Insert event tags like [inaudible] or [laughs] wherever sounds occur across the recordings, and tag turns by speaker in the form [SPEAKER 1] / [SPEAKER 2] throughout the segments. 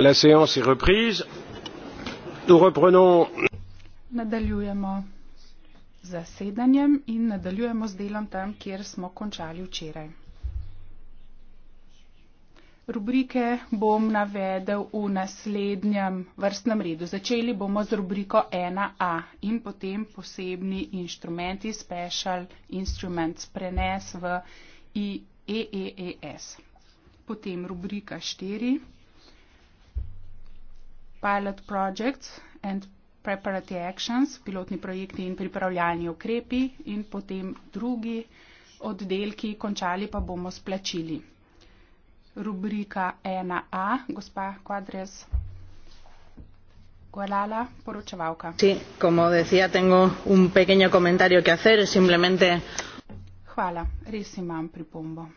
[SPEAKER 1] la séance est reprise nous reprenons
[SPEAKER 2] nadaljujemo z zasedanjem in nadaljujemo z delom tam kjer smo končali včeraj Rubrike bom navedel v naslednjem vrstnem redu. Začeli bomo z rubriko 1A in potem posebni inštrumenti Special Instruments prenes v IEEES. Potem rubrika 4, pilot projects and preparatory actions, pilotni projekti in pripravljalni ukrepi in potem drugi oddelki, končali pa bomo s plačili. Rubrika 1A, gospa Quadres. Gualala, poročevalka.
[SPEAKER 1] Sí, como decía, tengo un pequeño comentario que hacer, simplemente...
[SPEAKER 2] Hvala, res imam pripombo.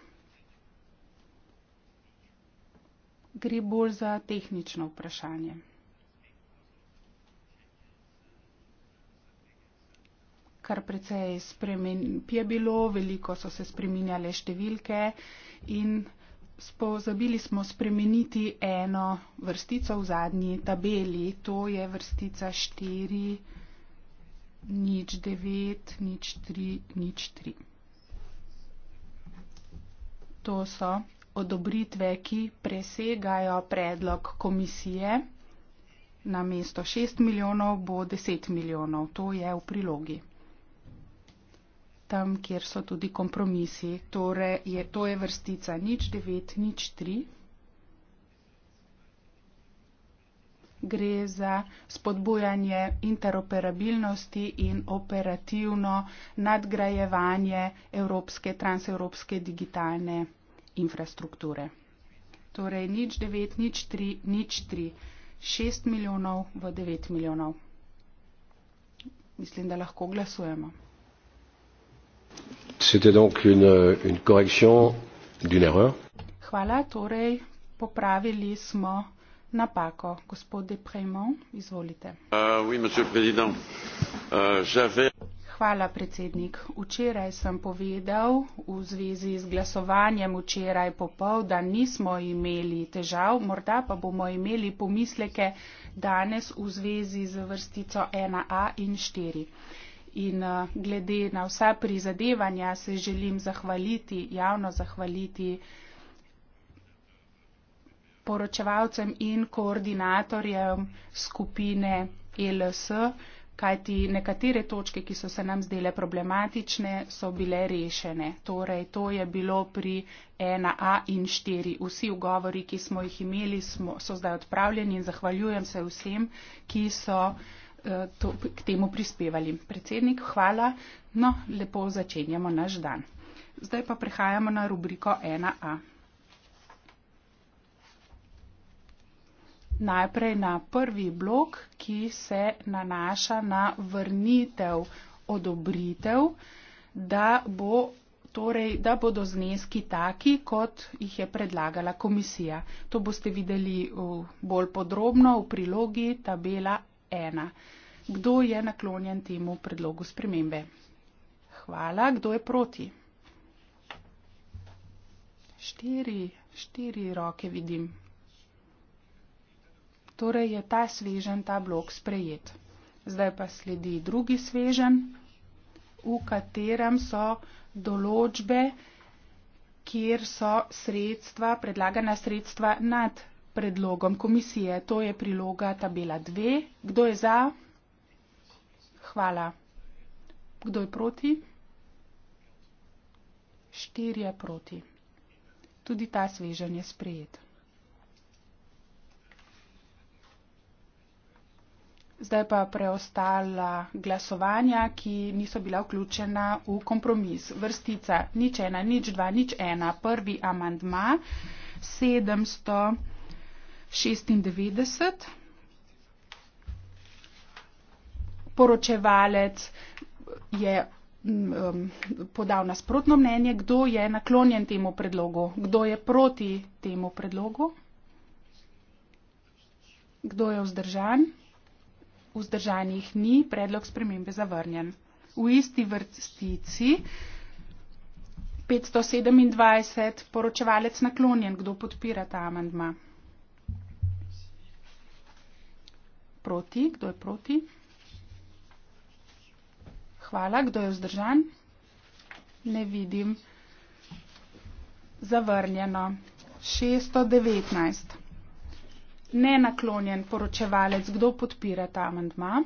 [SPEAKER 2] Gre bolj za tehnično vprašanje. kar precej spremenilo, je bilo, veliko so se spreminjale številke in pozabili smo spremeniti eno vrstico v zadnji tabeli, to je vrstica 4, nič 9, nič 3, nič 3. To so odobritve, ki presegajo predlog komisije. Na mesto 6 milijonov bo 10 milijonov, to je v prilogi tam, kjer so tudi kompromisi. Torej, je, to je vrstica nič 9, nič 3. Gre za spodbujanje interoperabilnosti in operativno nadgrajevanje evropske, transevropske digitalne infrastrukture. Torej, nič 9, nič 3, nič 3. 6 milijonov v 9 milijonov. Mislim, da lahko glasujemo.
[SPEAKER 1] C'était donc une, une correction d'une erreur.
[SPEAKER 2] Hvala, torej, popravili smo napako. Gospode Prejmon, izvolite.
[SPEAKER 1] Uh, oui, monsieur le président. Uh,
[SPEAKER 2] Hvala, predsednik. Včeraj sem povedal v zvezi z glasovanjem včeraj popov, da nismo imeli težav, morda pa bomo imeli pomisleke danes v zvezi z vrstico 1a in 4 in eh, glede na vsa prizadevanja se želim zahvaliti, javno zahvaliti poročevalcem in koordinatorjem skupine LS, kajti nekatere točke, ki so se nam zdele problematične, so bile rešene. Torej, to je bilo pri 1A in 4. Vsi ugovori, ki smo jih imeli, smo, so zdaj odpravljeni in zahvaljujem se vsem, ki so. Eh, to, k temu prispevali. Predsednik, hvala. No, lepo začenjamo naš dan. Zdaj pa prehajamo na rubriko 1a. Najprej na prvi blok, ki se nanaša na vrnitev odobritev, da, bo, torej, da bodo zneski taki, kot jih je predlagala komisija. To boste videli bolj podrobno v prilogi tabela ena. Kdo je naklonjen temu predlogu spremembe? Hvala. Kdo je proti? Štiri, štiri roke vidim. Torej je ta svežen, ta blok sprejet. Zdaj pa sledi drugi svežen, v katerem so določbe, kjer so sredstva, predlagana sredstva nad predlogom komisije. To je priloga tabela 2. Kdo je za? Hvala. Kdo je proti? Štiri je proti. Tudi ta svežen je sprejet. Zdaj pa preostala glasovanja, ki niso bila vključena v kompromis. Vrstica nič ena, nič dva, nič ena. Prvi amandma 700. 96. Poročevalec je mm, um, podal nasprotno mnenje, kdo je naklonjen temu predlogu, kdo je proti temu predlogu, kdo je vzdržan. Vzdržanih ni, predlog spremembe zavrnjen. V isti vrstici 527 poročevalec naklonjen, kdo podpira ta amandma. Proti. Kdo je proti? Hvala. Kdo je vzdržan? Ne vidim. Zavrnjeno. 619. Nenaklonjen poročevalec. Kdo podpira ta amandma?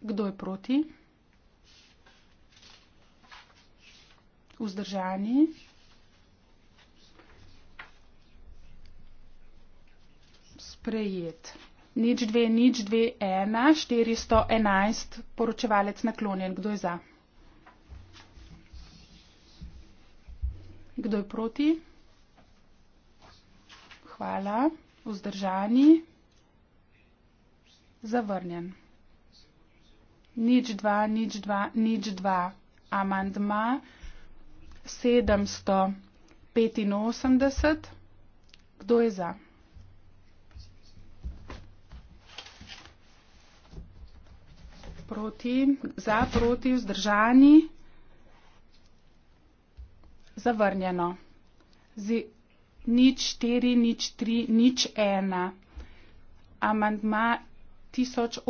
[SPEAKER 2] Kdo je proti? Vzdržani. prejet. Nič dve, nič dve, ena, 411, poročevalec naklonjen. Kdo je za? Kdo je proti? Hvala. Vzdržani. Zavrnjen. Nič dva, nič dva, nič dva. Amandma 785. Kdo je za? proti, za, proti, vzdržani, zavrnjeno. Z nič 4, nič 3, nič 1. Amandma 1018.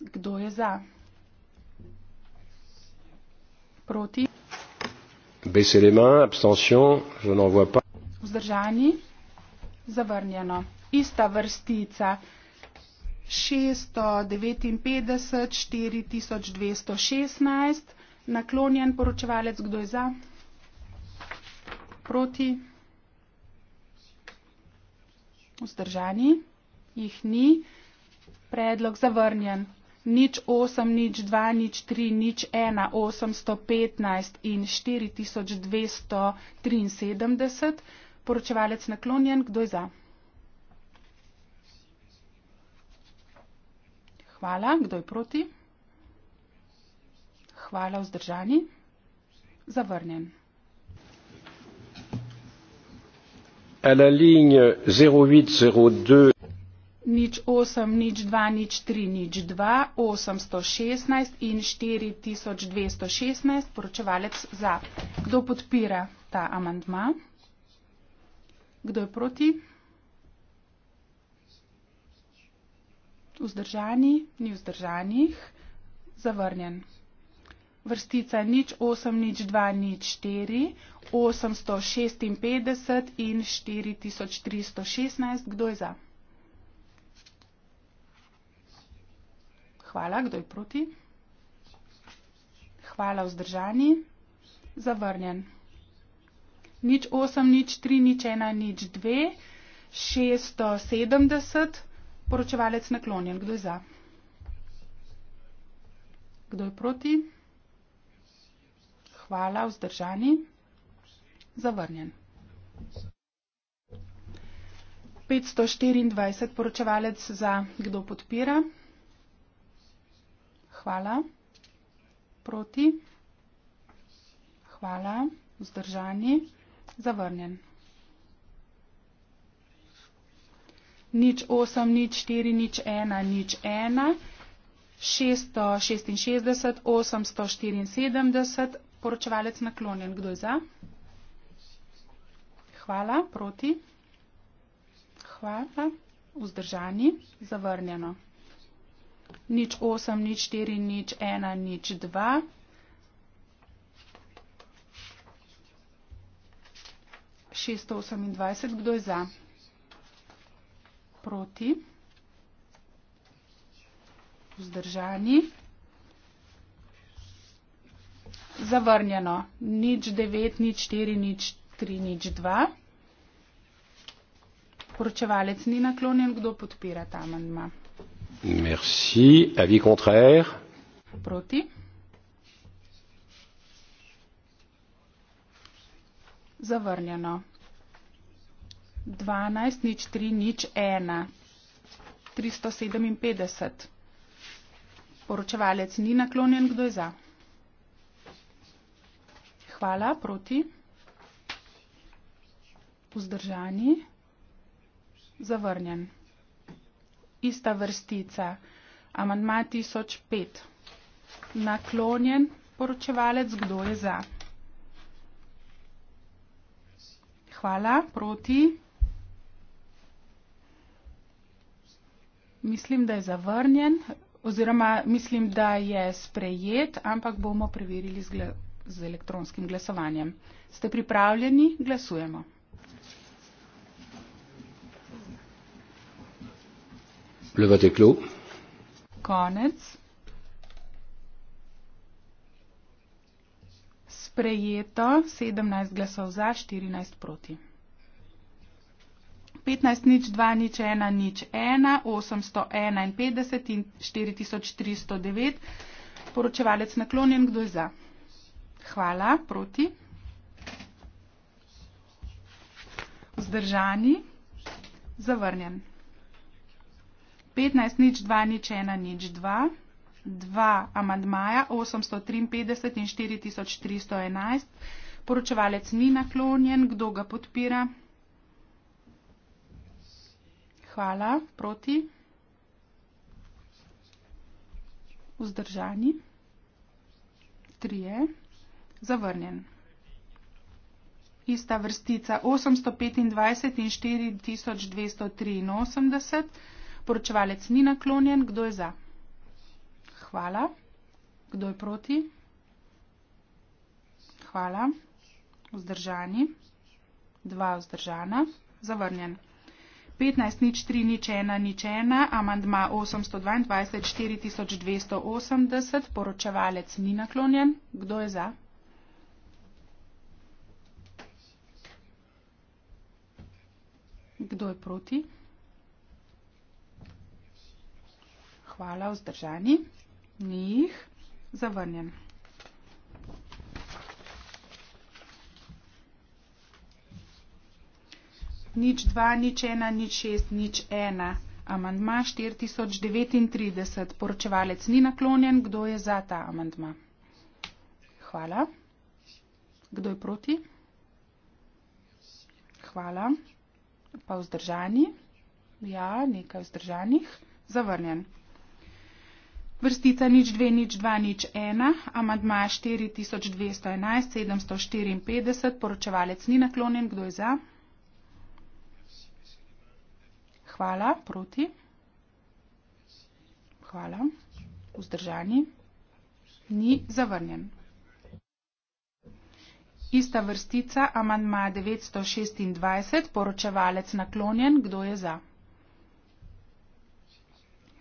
[SPEAKER 2] Kdo je za? Proti.
[SPEAKER 1] Beselema, abstention, že ne vojo pa.
[SPEAKER 2] Vzdržani, zavrnjeno. Ista vrstica. 659 4216. Naklonjen poročevalec, kdo je za? Proti? Vzdržani? Jih ni. Predlog zavrnjen. Nič 8, nič 2, nič 3, nič 1, 815 in 4273. Poročevalec naklonjen, kdo je za? Hvala. Kdo je proti? Hvala. Vzdržani. Zavrnjen.
[SPEAKER 1] A la linija 0802.
[SPEAKER 2] Nič 8, nič 2, nič 3, nič 2, 816 in 4216, poročevalec za. Kdo podpira ta amantma? Kdo je proti? vzdržani, ni vzdržanih, zavrnjen. Vrstica nič, osem nič, dva nič, štiri, osemsto šestinpetdeset in štiri tisoč tristo šestnajst. Kdo je za? Hvala, kdo je proti? Hvala, vzdržani. Zavrnjen. Nič osem, nič tri, nič ena, nič dve, šeststo sedemdeset. Poročevalec naklonjen, kdo je za? Kdo je proti? Hvala, vzdržani. Zavrnjen. 524 poročevalec za, kdo podpira. Hvala. Proti. Hvala, vzdržani. Zavrnjen. nič osem, nič štiri, nič ena, nič ena, šeststo šestinšestdeset, osemsto štiriinsedemdeset, poročevalec naklonjen. Kdo je za? Hvala, proti? Hvala, vzdržani, zavrnjeno. Nič osem, nič štiri, nič ena, nič dva. Šeststo osemindvajset, kdo je za? proti, vzdržani, zavrnjeno, nič 9, nič 4, nič 3, nič 2. Poročevalec ni naklonjen, kdo podpira ta manjma.
[SPEAKER 1] Merci. Avi kontrer.
[SPEAKER 2] Proti. Zavrnjeno. 12 nič 3 nič 1 357. Poročevalec ni naklonjen, kdo je za. Hvala, proti. Vzdržani. Zavrnjen. Ista vrstica. Amandma 1005. Naklonjen poročevalec, kdo je za. Hvala, proti. Mislim, da je zavrnjen oziroma mislim, da je sprejet, ampak bomo preverili z, gla z elektronskim glasovanjem. Ste pripravljeni? Glasujemo. Plevate klub. Konec. Sprejeto 17 glasov za, 14 proti. 15 nič 2 nič 1 nič 1 851 in 4309. Poročevalec naklonjen, kdo je za? Hvala, proti. Vzdržani, zavrnjen. 15 nič 2 nič 1 nič 2. 2 amadmaja 853 in 4311. Poročevalec ni naklonjen, kdo ga podpira? Hvala. Proti? Vzdržani? Trije. Zavrnjen. Ista vrstica 825 in 4283. Poročevalec ni naklonjen. Kdo je za? Hvala. Kdo je proti? Hvala. Vzdržani. Dva vzdržana. Zavrnjen. 15 nič 3 nič 1 nič 1, amandma 822 4280, poročevalec ni naklonjen. Kdo je za? Kdo je proti? Hvala, vzdržani. Njih zavrnjen. nič dva, nič ena, nič šest, nič ena. Amandma 4039. Poročevalec ni naklonjen. Kdo je za ta amandma? Hvala. Kdo je proti? Hvala. Pa vzdržani? Ja, nekaj vzdržanih. Zavrnjen. Vrstica nič dve, nič dva, nič ena. Amandma 4211, 754. Poročevalec ni naklonjen. Kdo je za? Hvala, proti. Hvala, vzdržani. Ni zavrnjen. Ista vrstica, amandma 926, poročevalec naklonjen, kdo je za?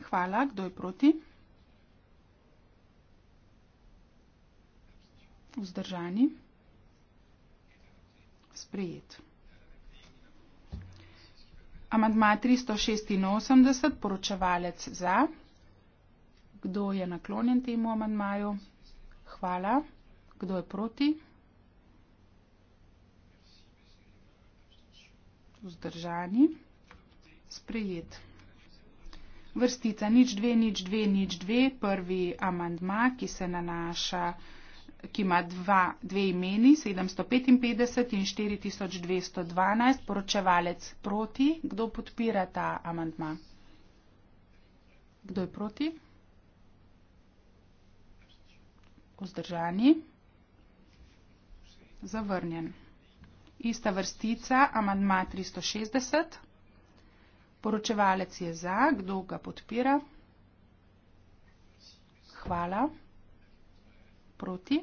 [SPEAKER 2] Hvala, kdo je proti? Vzdržani. Sprijet. Amandma 386, poročevalec za. Kdo je naklonjen temu amandmaju? Hvala. Kdo je proti? Vzdržani. Sprejet. Vrstica nič dve, nič dve, nič dve, prvi amandma, ki se nanaša ki ima dva, dve imeni, 755 in 4212, poročevalec proti. Kdo podpira ta amantma? Kdo je proti? Vzdržani. Zavrnjen. Ista vrstica, amantma 360. Poročevalec je za. Kdo ga podpira? Hvala proti.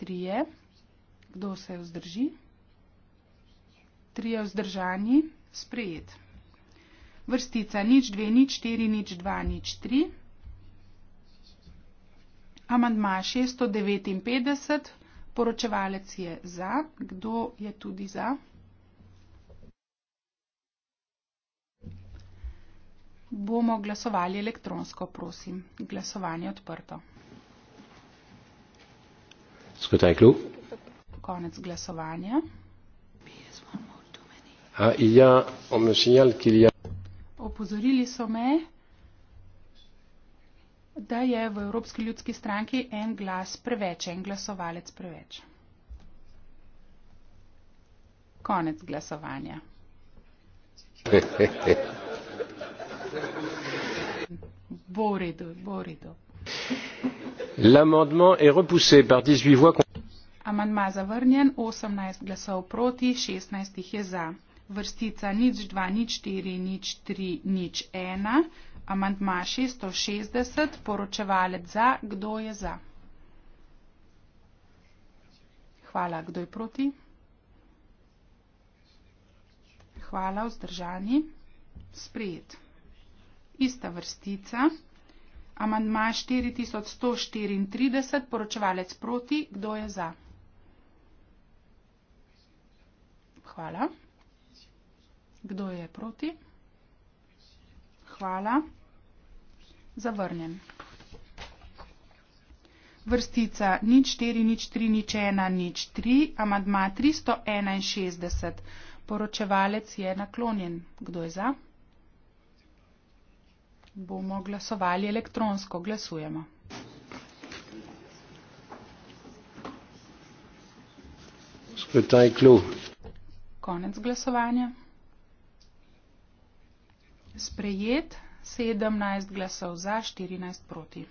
[SPEAKER 2] Trije, kdo se vzdrži. Trije vzdržani, sprejet. Vrstica nič dve, nič štiri, nič dva, nič tri. Amandma 659, poročevalec je za, kdo je tudi za? bomo glasovali elektronsko, prosim. Glasovanje odprto. Skotaj klub. Konec glasovanja.
[SPEAKER 1] A, ja, signal, ja.
[SPEAKER 2] Opozorili so me, da je v Evropski ljudski stranki en glas preveč, en glasovalec preveč. Konec glasovanja.
[SPEAKER 1] [laughs]
[SPEAKER 2] Bon, redo, bon, redo.
[SPEAKER 1] L'amendement est repoussé par 18 voix contre.
[SPEAKER 2] Amendement zavrnjen, 18 glasov proti, 16 jih je za. Vrstica nič 2, nič 4, nič 3, nič 1. Amendma 660, poročevalec za, kdo je za? Hvala, kdo je proti? Hvala, vzdržani. Sprijet ista vrstica. Amandma 4134, poročevalec proti, kdo je za? Hvala. Kdo je proti? Hvala. Zavrnjen. Vrstica nič 4, nič 3, nič 1, nič 3. Amadma 361. Poročevalec je naklonjen. Kdo je za? bomo glasovali elektronsko. Glasujemo. Konec glasovanja. Sprejet 17 glasov za, 14 proti.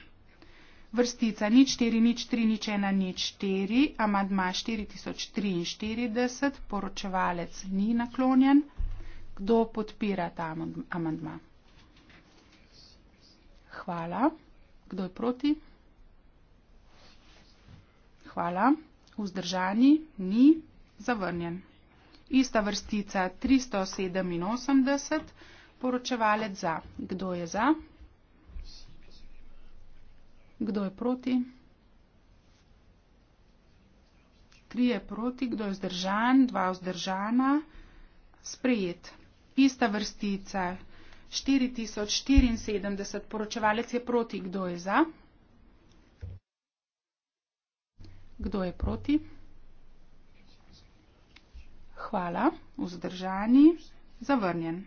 [SPEAKER 2] Vrstica nič 4, nič 3, nič 1, nič 4, amadma 4043, poročevalec ni naklonjen. Kdo podpira ta amadma? Hvala. Kdo je proti? Hvala. Vzdržani ni zavrnjen. Ista vrstica 387, poročevalec za. Kdo je za? Kdo je proti? Tri je proti, kdo je vzdržan, dva vzdržana, sprejet. Ista vrstica 4074. Poročevalec je proti. Kdo je za? Kdo je proti? Hvala. Vzdržani. Zavrnjen.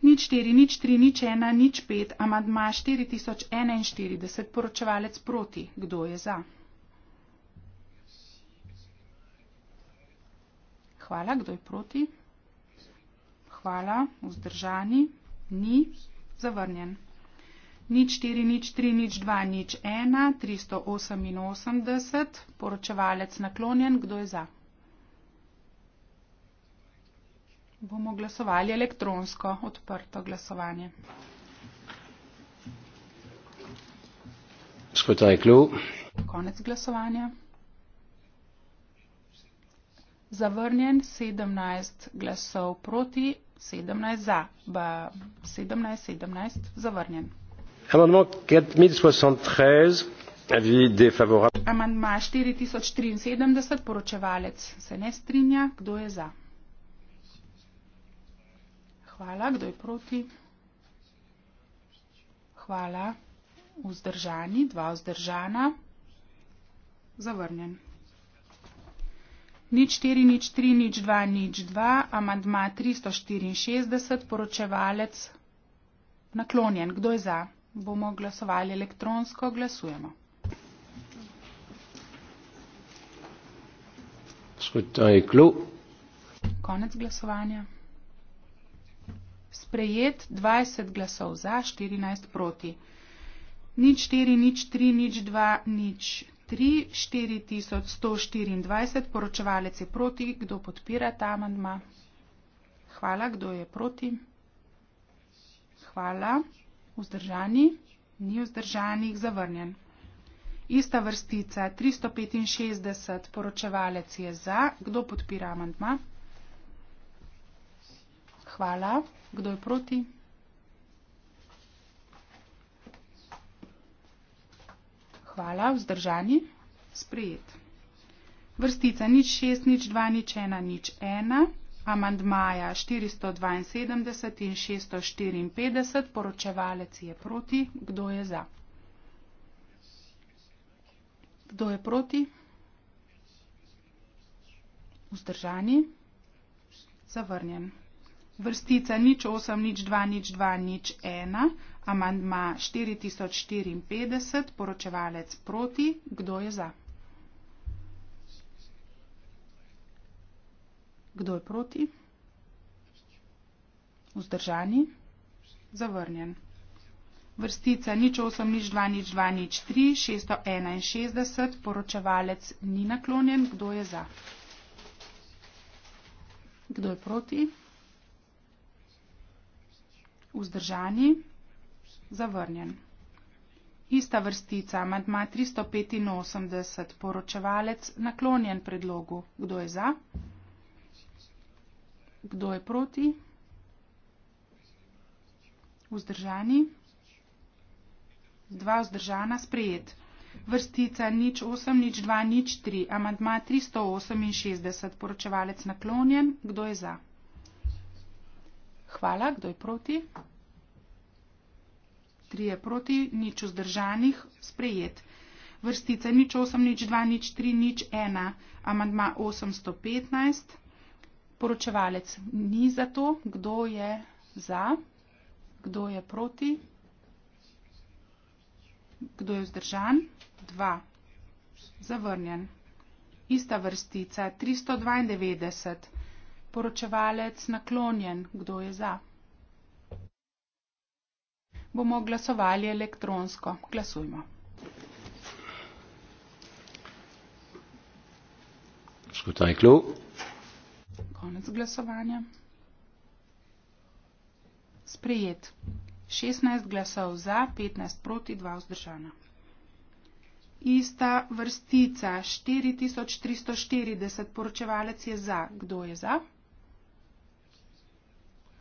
[SPEAKER 2] Nič 4, nič 3, nič 1, nič 5. Amadma 4041. Poročevalec proti. Kdo je za? Hvala. Kdo je proti? hvala, vzdržani, ni, zavrnjen. Nič 4, nič 3, nič 2, nič 1, 388, poročevalec naklonjen, kdo je za? Bomo glasovali elektronsko, odprto glasovanje. Konec glasovanja. Zavrnjen 17 glasov proti, 17 za, pa 17, 17 zavrnjen. Amandma 4073, poročevalec se ne strinja, kdo je za. Hvala, kdo je proti. Hvala, vzdržani, dva vzdržana, zavrnjen nič štiri, nič tri, nič dva, nič dva, amadma 364, poročevalec naklonjen. Kdo je za? Bomo glasovali elektronsko, glasujemo. Konec glasovanja. Sprejet 20 glasov za, 14 proti. Nič 4, nič 3, nič 2, nič 4124, poročevalec je proti, kdo podpira ta amandma? Hvala, kdo je proti? Hvala, vzdržani, ni vzdržanih, zavrnjen. Ista vrstica, 365, poročevalec je za, kdo podpira amandma? Hvala, kdo je proti? hvala, vzdržani, sprejet. Vrstica nič šest, nič dva, nič ena, nič ena, amandmaja 472 in 654, poročevalec je proti, kdo je za? Kdo je proti? Vzdržani, zavrnjen. Vrstica nič osem, nič dva, nič dva, nič ena, amandma 4054, poročevalec proti, kdo je za? Kdo je proti? Vzdržani? Zavrnjen. Vrstica nič 8, nič 2, nič 2, nič 3, 661, poročevalec ni naklonjen, kdo je za? Kdo je proti? Vzdržani? zavrnjen. Ista vrstica, amadma 385, poročevalec naklonjen predlogu. Kdo je za? Kdo je proti? Vzdržani? Dva vzdržana sprejet. Vrstica nič 8, nič 2, nič 3, amadma 368, poročevalec naklonjen. Kdo je za? Hvala, kdo je proti? 3 proti, nič vzdržanih, sprejet. Vrstica nič 8, nič 2, nič 3, nič 1, amantma 815. Poročevalec ni za to, kdo je za, kdo je proti, kdo je vzdržan, 2, zavrnjen. Ista vrstica, 392. Poročevalec naklonjen, kdo je za bomo glasovali elektronsko. Glasujmo.
[SPEAKER 1] Skutajklu.
[SPEAKER 2] Konec glasovanja. Sprejet. 16 glasov za, 15 proti, 2 vzdržana. Ista vrstica, 4340, poročevalec je za. Kdo je za?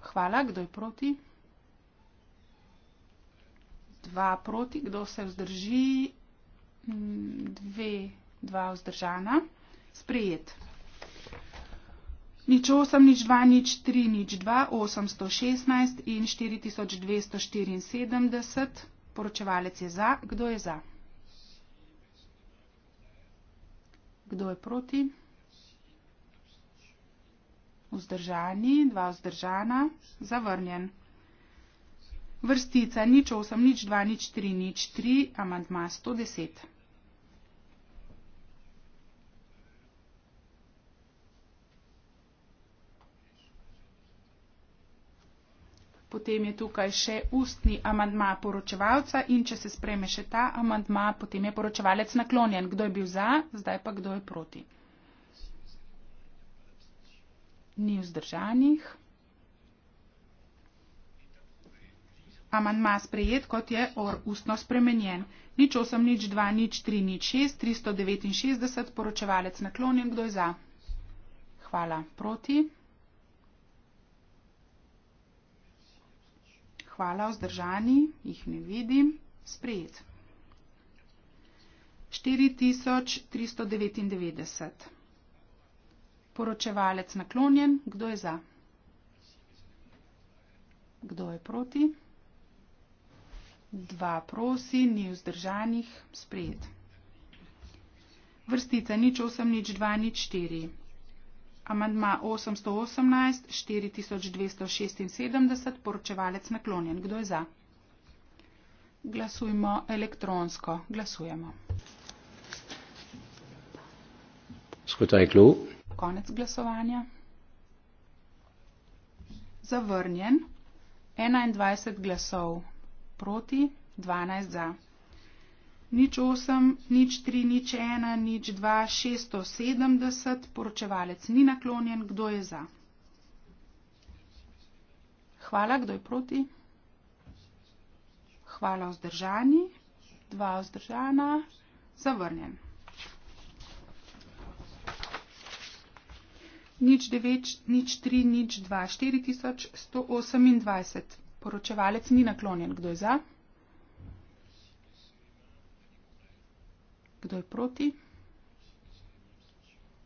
[SPEAKER 2] Hvala, kdo je proti? dva proti, kdo se vzdrži, mm, dve, dva vzdržana, sprejet. Nič 8, nič 2, nič 3, nič 2, 816 in 4274, poročevalec je za, kdo je za? Kdo je proti? Vzdržani, dva vzdržana, zavrnjen vrstica nič osem nič dva nič tri nič tri amandma sto deset. Potem je tukaj še ustni amandma poročevalca in če se spreme še ta amandma, potem je poročevalec naklonjen. Kdo je bil za, zdaj pa kdo je proti? Ni vzdržanih. amandma sprejet, kot je or ustno spremenjen. Nič 8, nič 2, nič 3, nič 6, 369, poročevalec naklonjen, kdo je za. Hvala. Proti. Hvala, vzdržani, jih ne vidim. Sprejet. 4399. Poročevalec naklonjen, kdo je za? Kdo je proti? 2 prosi, ni vzdržanih, sprejet. Vrstica nič 8, nič 2, nič 4. Amandma 818, 4276, poročevalec naklonjen. Kdo je za? Glasujmo elektronsko. Glasujemo.
[SPEAKER 1] Skotaj klu.
[SPEAKER 2] Konec glasovanja. Zavrnjen. 21 glasov proti, 12 za. Nič 8, nič 3, nič 1, nič 2, 670, poročevalec ni naklonjen, kdo je za. Hvala, kdo je proti. Hvala, vzdržani. Dva vzdržana, zavrnjen. Nič 9, nič 3, nič 2, 4128. Poročevalec ni naklonjen. Kdo je za? Kdo je proti?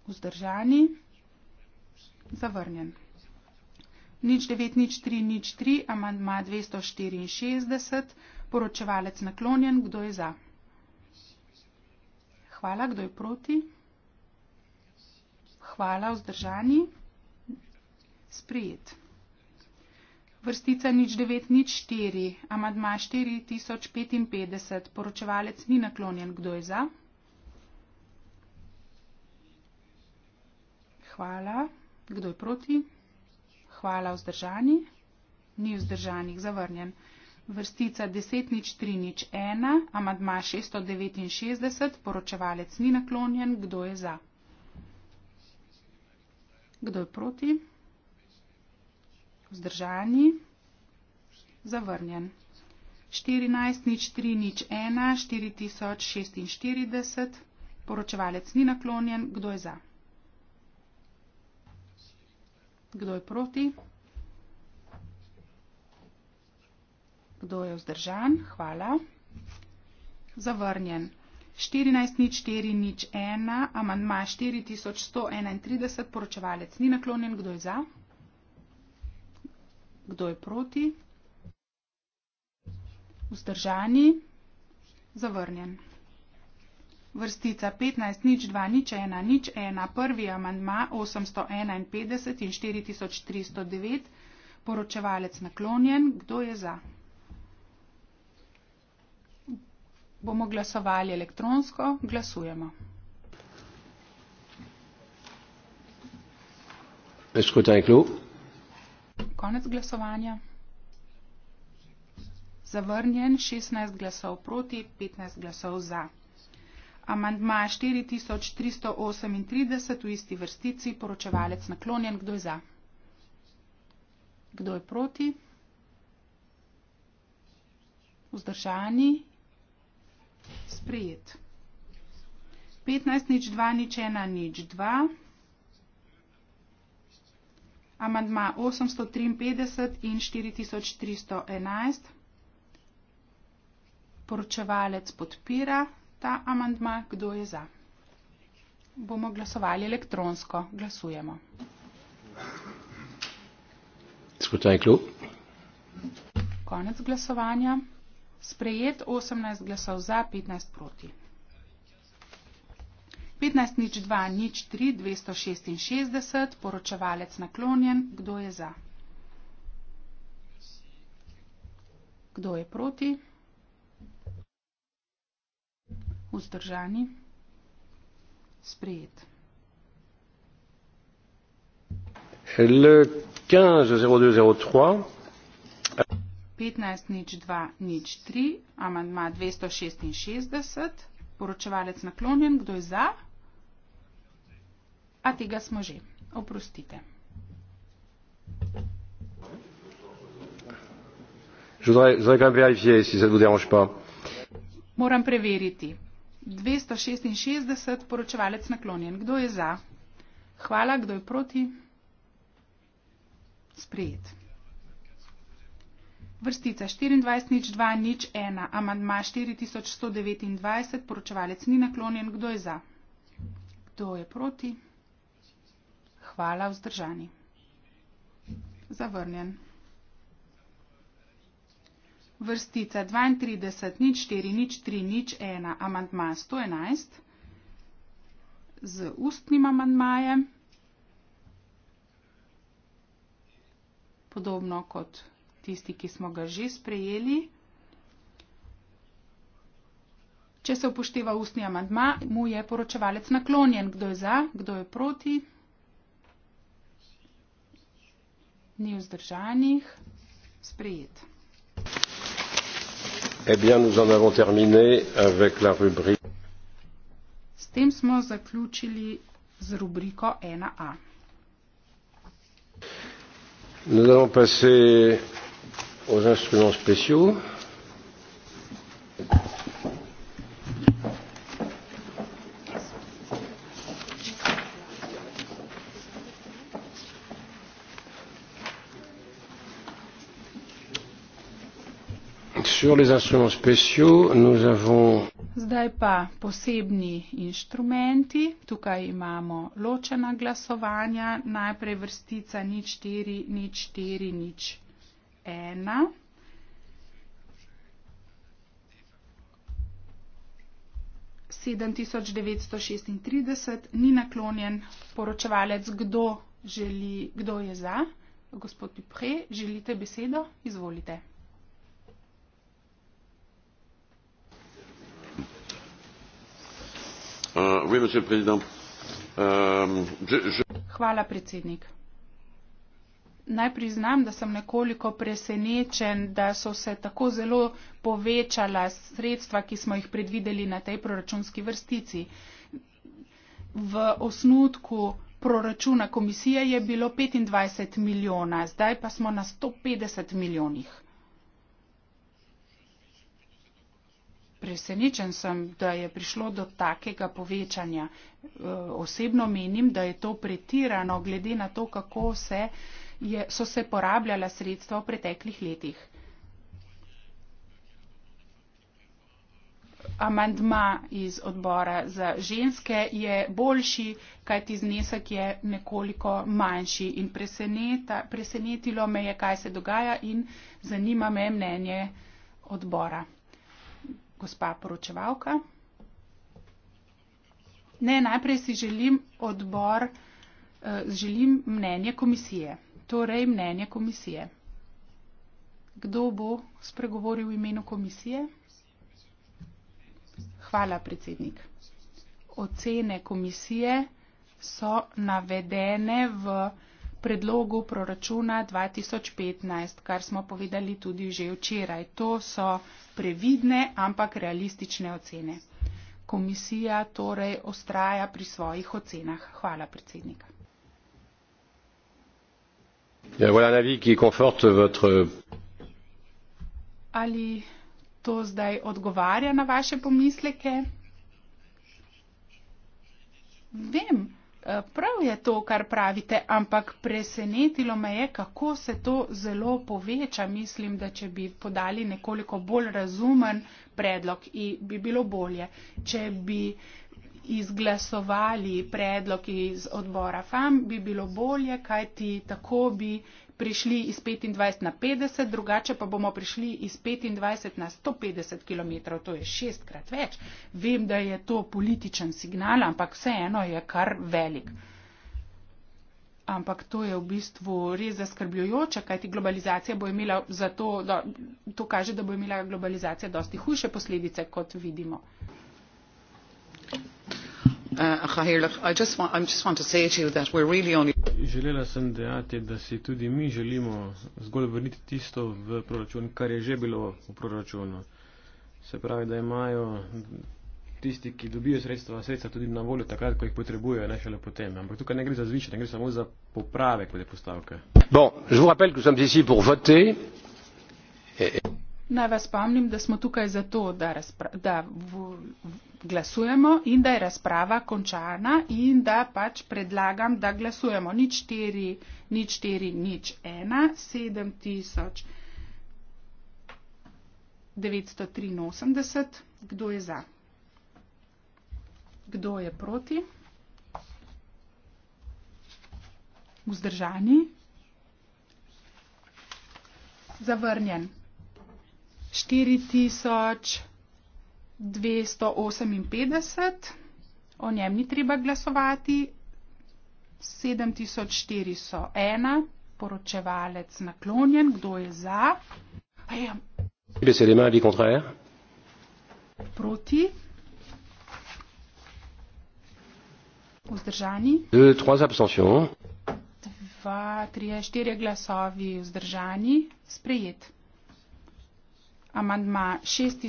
[SPEAKER 2] Vzdržani? Zavrnjen. Nič 9, nič 3, nič 3, amandma 264, poročevalec naklonjen, kdo je za? Hvala, kdo je proti? Hvala, vzdržani. Sprijet. Vrstica nič devet nič štiri, amadma štiri tisoč petinpetdeset, poročevalec ni naklonjen, kdo je za? Hvala. Kdo je proti? Hvala, vzdržani. Ni vzdržanih, zavrnjen. Vrstica deset nič tri nič ena, amadma šeststo devetinšestdeset, poročevalec ni naklonjen, kdo je za? Kdo je proti? vzdržani. Zavrnjen. 14 nič 3 nič 1 4046. Poročevalec ni naklonjen. Kdo je za? Kdo je proti? Kdo je vzdržan? Hvala. Zavrnjen. 14 nič 4 nič 1 amandma 4131. Poročevalec ni naklonjen. Kdo je za? Kdo je proti? Vzdržani? Zavrnjen. Vrstica 15, nič, 2, nič, 1, nič, 1, prvi amandma 851 in 4309, poročevalec naklonjen, kdo je za? Bomo glasovali elektronsko, glasujemo.
[SPEAKER 1] Escutez un clou
[SPEAKER 2] konec glasovanja. Zavrnjen 16 glasov proti, 15 glasov za. Amandma 4338 v isti vrstici, poročevalec naklonjen, kdo je za. Kdo je proti? Vzdržani? Sprijet. 15 nič 2 nič 1 nič 2 amandma 853 in 4311. Poročevalec podpira ta amandma, kdo je za. Bomo glasovali elektronsko. Glasujemo.
[SPEAKER 1] Skupaj klub.
[SPEAKER 2] Konec glasovanja. Sprejet 18 glasov za, 15 proti. 15 nič 2 nič 3 266, poročevalec naklonjen, kdo je za? Kdo je proti? Vzdržani? Sprejet.
[SPEAKER 1] Le 15
[SPEAKER 2] nič 2 nič 3, amandma 266, poročevalec naklonjen, kdo je za? A tega smo že. Oprostite. Moram preveriti. 266 poročevalec naklonjen. Kdo je za? Hvala, kdo je proti? Sprejet. Vrstica 24.02.01, amadma 4129, poročevalec ni naklonjen. Kdo je za? Kdo je proti? hvala vzdržani. Zavrnjen. Vrstica 32, nič 4, nič 3, nič 1, amantma 111 z ustnim amantmajem, podobno kot tisti, ki smo ga že sprejeli. Če se upošteva ustni amantma, mu je poročevalec naklonjen, kdo je za, kdo je proti. ni vzdržanih, sprejet.
[SPEAKER 1] Eh bien, nous en avons terminé avec la rubrique.
[SPEAKER 2] S tem smo zaključili z rubriko 1A.
[SPEAKER 1] Nous allons passer aux instruments spéciaux.
[SPEAKER 2] Zdaj pa posebni inštrumenti. Tukaj imamo ločena glasovanja. Najprej vrstica nič 4, nič 4, nič 1. sedem tisoč devetsto šestintrideset ni naklonjen poročevalec, kdo želi, kdo je za. Gospod Dupre, želite besedo? Izvolite.
[SPEAKER 1] Euh,
[SPEAKER 3] euh,
[SPEAKER 2] Hvala, predsednik. Naj priznam, da sem nekoliko presenečen, da so se tako zelo povečala sredstva, ki smo jih predvideli na tej proračunski vrstici. V osnutku proračuna komisije je bilo 25 milijona, zdaj pa smo na 150 milijonih. presenečen sem, da je prišlo do takega povečanja. E, osebno menim, da je to pretirano, glede na to, kako se je, so se porabljala sredstva v preteklih letih. Amandma iz odbora za ženske je boljši, kajti znesek je nekoliko manjši in presenetilo me je, kaj se dogaja in zanima me mnenje odbora gospa poročevalka. Ne, najprej si želim odbor, eh, želim mnenje komisije. Torej, mnenje komisije. Kdo bo spregovoril v imenu komisije? Hvala, predsednik. Ocene komisije so navedene v predlogu proračuna 2015, kar smo povedali tudi že včeraj. To so previdne, ampak realistične ocene. Komisija torej ostraja pri svojih ocenah. Hvala, predsednika. Ali to zdaj odgovarja na vaše pomisleke? Vem. Eh, prav je to, kar pravite, ampak presenetilo me je, kako se to zelo poveča. Mislim, da če bi podali nekoliko bolj razumen predlog, bi bilo bolje, če bi izglasovali predlog iz odbora FAM, bi bilo bolje, kajti tako bi prišli iz 25 na 50, drugače pa bomo prišli iz 25 na 150 km, to je šestkrat več. Vem, da je to političen signal, ampak vseeno je kar velik. Ampak to je v bistvu res zaskrbljujoče, kajti globalizacija bo imela za to, da, to kaže, da bo imela globalizacija dosti hujše posledice, kot vidimo. Uh,
[SPEAKER 3] Želela sem dejati, da si tudi mi želimo zgolj vrniti tisto v proračun, kar je že bilo v proračunu. Se pravi, da imajo tisti, ki dobijo sredstva, sredstva tudi na voljo takrat, ko jih potrebujejo, ne šele potem. Ampak tukaj ne gre za zvišanje, gre samo za popravek, kot je postavka.
[SPEAKER 1] Bon,
[SPEAKER 2] Naj vas spomnim, da smo tukaj zato, da, da glasujemo in da je razprava končana in da pač predlagam, da glasujemo. Nič 4, nič 4, nič 1, 7983. Kdo je za? Kdo je proti? Vzdržani? Zavrnjen. 4258, o njem ni treba glasovati, 7401, poročevalec naklonjen, kdo je za. Proti. Vzdržani. Dva, trije, štirje glasovi vzdržani. Sprejet amandma šest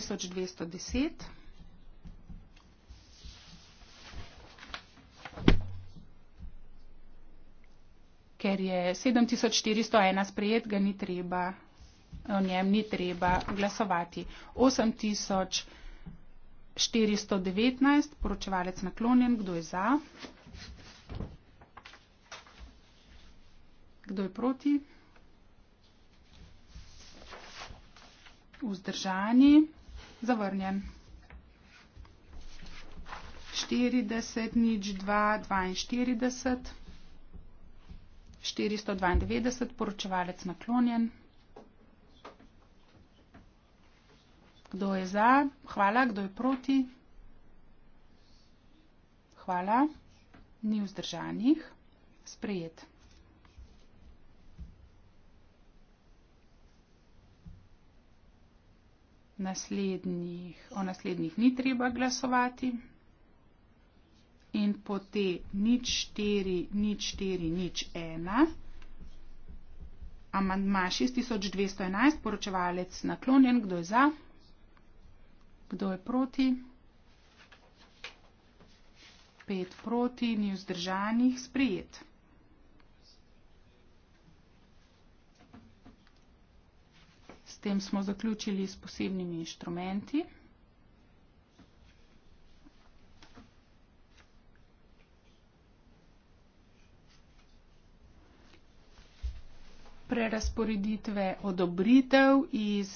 [SPEAKER 2] Ker je 7401 sprejet, ga ni treba, o njem ni treba glasovati. 8419, poročevalec naklonjen, kdo je za? Kdo je proti? vzdržani, zavrnjen. 40, nič 2, 42, 492, poročevalec naklonjen. Kdo je za? Hvala, kdo je proti? Hvala, ni vzdržanih, sprejet. naslednjih, o naslednjih ni treba glasovati. In po te nič 4, nič 4, nič 1, amandma 6211, poročevalec naklonjen, kdo je za, kdo je proti, 5 proti, ni vzdržanih, sprijet. Potem smo zaključili s posebnimi inštrumenti. Prerasporeditve odobritev iz,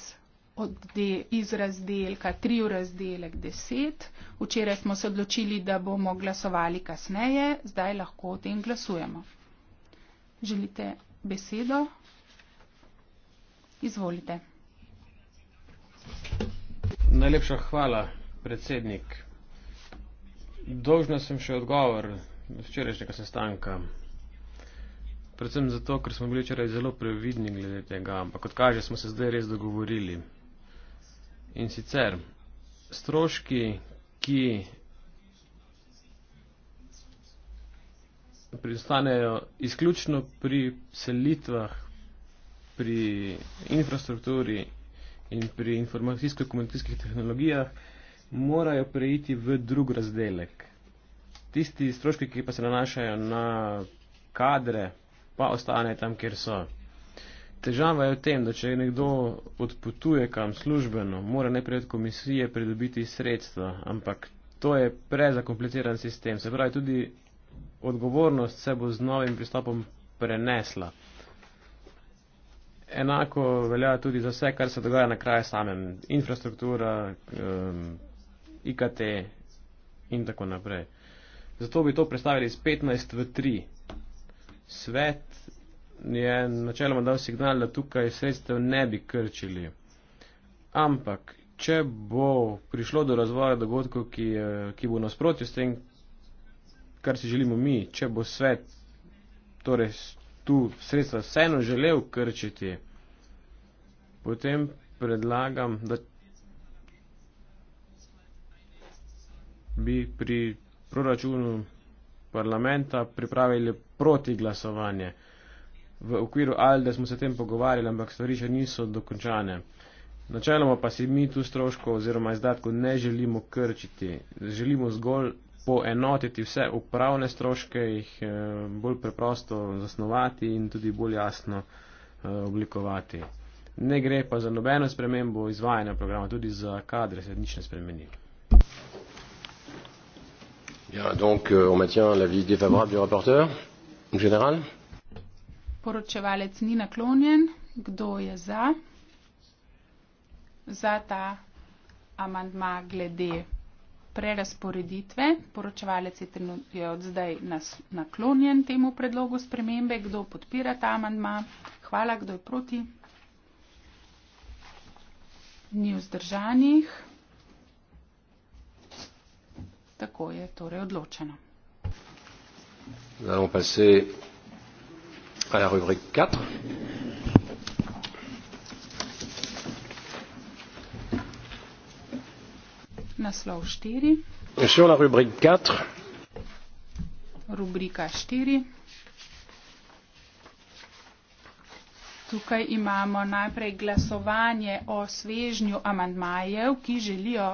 [SPEAKER 2] odde, iz razdelka 3 v razdelek 10. Včeraj smo se odločili, da bomo glasovali kasneje, zdaj lahko o tem glasujemo. Želite besedo? Izvolite.
[SPEAKER 3] Najlepša hvala, predsednik. Dolžna sem še odgovor na včerajšnjega sestanka. Predvsem zato, ker smo bili včeraj zelo previdni glede tega, ampak kot kaže, smo se zdaj res dogovorili. In sicer, stroški, ki pristanejo izključno pri selitvah, pri infrastrukturi in pri informacijsko-komunikacijskih tehnologijah morajo preiti v drug razdelek. Tisti stroški, ki pa se nanašajo na kadre, pa ostanejo tam, kjer so. Težava je v tem, da če nekdo odpotuje kam službeno, mora najprej od komisije pridobiti sredstva, ampak to je prezakompliciran sistem. Se pravi, tudi odgovornost se bo z novim pristopom prenesla enako velja tudi za vse, kar se dogaja na kraju samem. Infrastruktura, um, IKT in tako naprej. Zato bi to predstavili iz 15 v 3. Svet je načeloma dal signal, da tukaj sredstev ne bi krčili. Ampak, če bo prišlo do razvoja dogodkov, ki, eh, ki bo nasprotju s tem, kar si želimo mi, če bo svet torej tu sredstva vseeno želel krčiti, potem predlagam, da bi pri proračunu parlamenta pripravili proti glasovanje. V okviru ALDE smo se tem pogovarjali, ampak stvari še niso dokončane. Načeloma pa si mi tu stroško oziroma izdatko ne želimo krčiti. Želimo zgolj poenotiti vse upravne stroške, jih eh, bolj preprosto zasnovati in tudi bolj jasno eh, oblikovati. Ne gre pa za nobeno spremembo izvajanja programa, tudi za kadre se nič ne spremeni.
[SPEAKER 1] Ja, donc, euh, on maintient l'avis défavorable du rapporteur, général.
[SPEAKER 2] Poročevalec ni naklonjen. Kdo je za? Za ta amandma glede prerasporeditve. Poročevalec je, trenu, je od zdaj nas, naklonjen temu predlogu spremembe, kdo podpira ta amandma. Hvala, kdo je proti. Ni vzdržanih. Tako je torej odločeno.
[SPEAKER 1] Zdaj bomo pa se. À la rubrique 4.
[SPEAKER 2] naslov štiri.
[SPEAKER 1] Sur la rubrique 4.
[SPEAKER 2] Rubrika 4. Tukaj imamo najprej glasovanje o svežnju amandmajev, ki želijo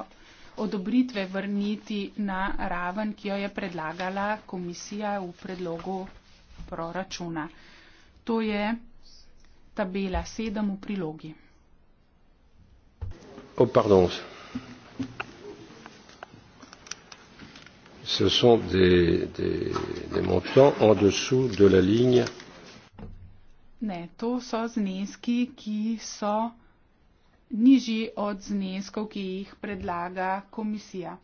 [SPEAKER 2] odobritve vrniti na raven, ki jo je predlagala komisija v predlogu proračuna. To je tabela 7 v prilogi.
[SPEAKER 1] Oh, pardon. ce sont des, des, des montants en dessous de la ligne.
[SPEAKER 2] Ne, to so zneski, ki so nižji od zneskov, ki jih predlaga komisija.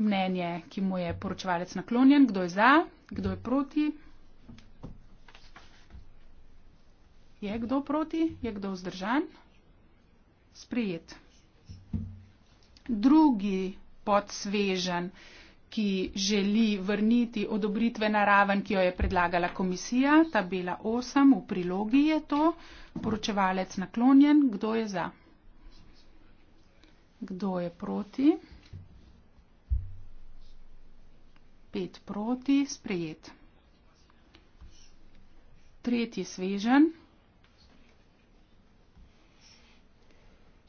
[SPEAKER 2] Mnenje, ki mu je poročevalec naklonjen, kdo je za, kdo je proti. Je kdo proti, je kdo vzdržan? Sprijet. Drugi podsvežen, ki želi vrniti odobritve na raven, ki jo je predlagala komisija, tabela 8, v prilogi je to, poročevalec naklonjen, kdo je za? Kdo je proti? Pet proti, sprejet. Tretji svežen,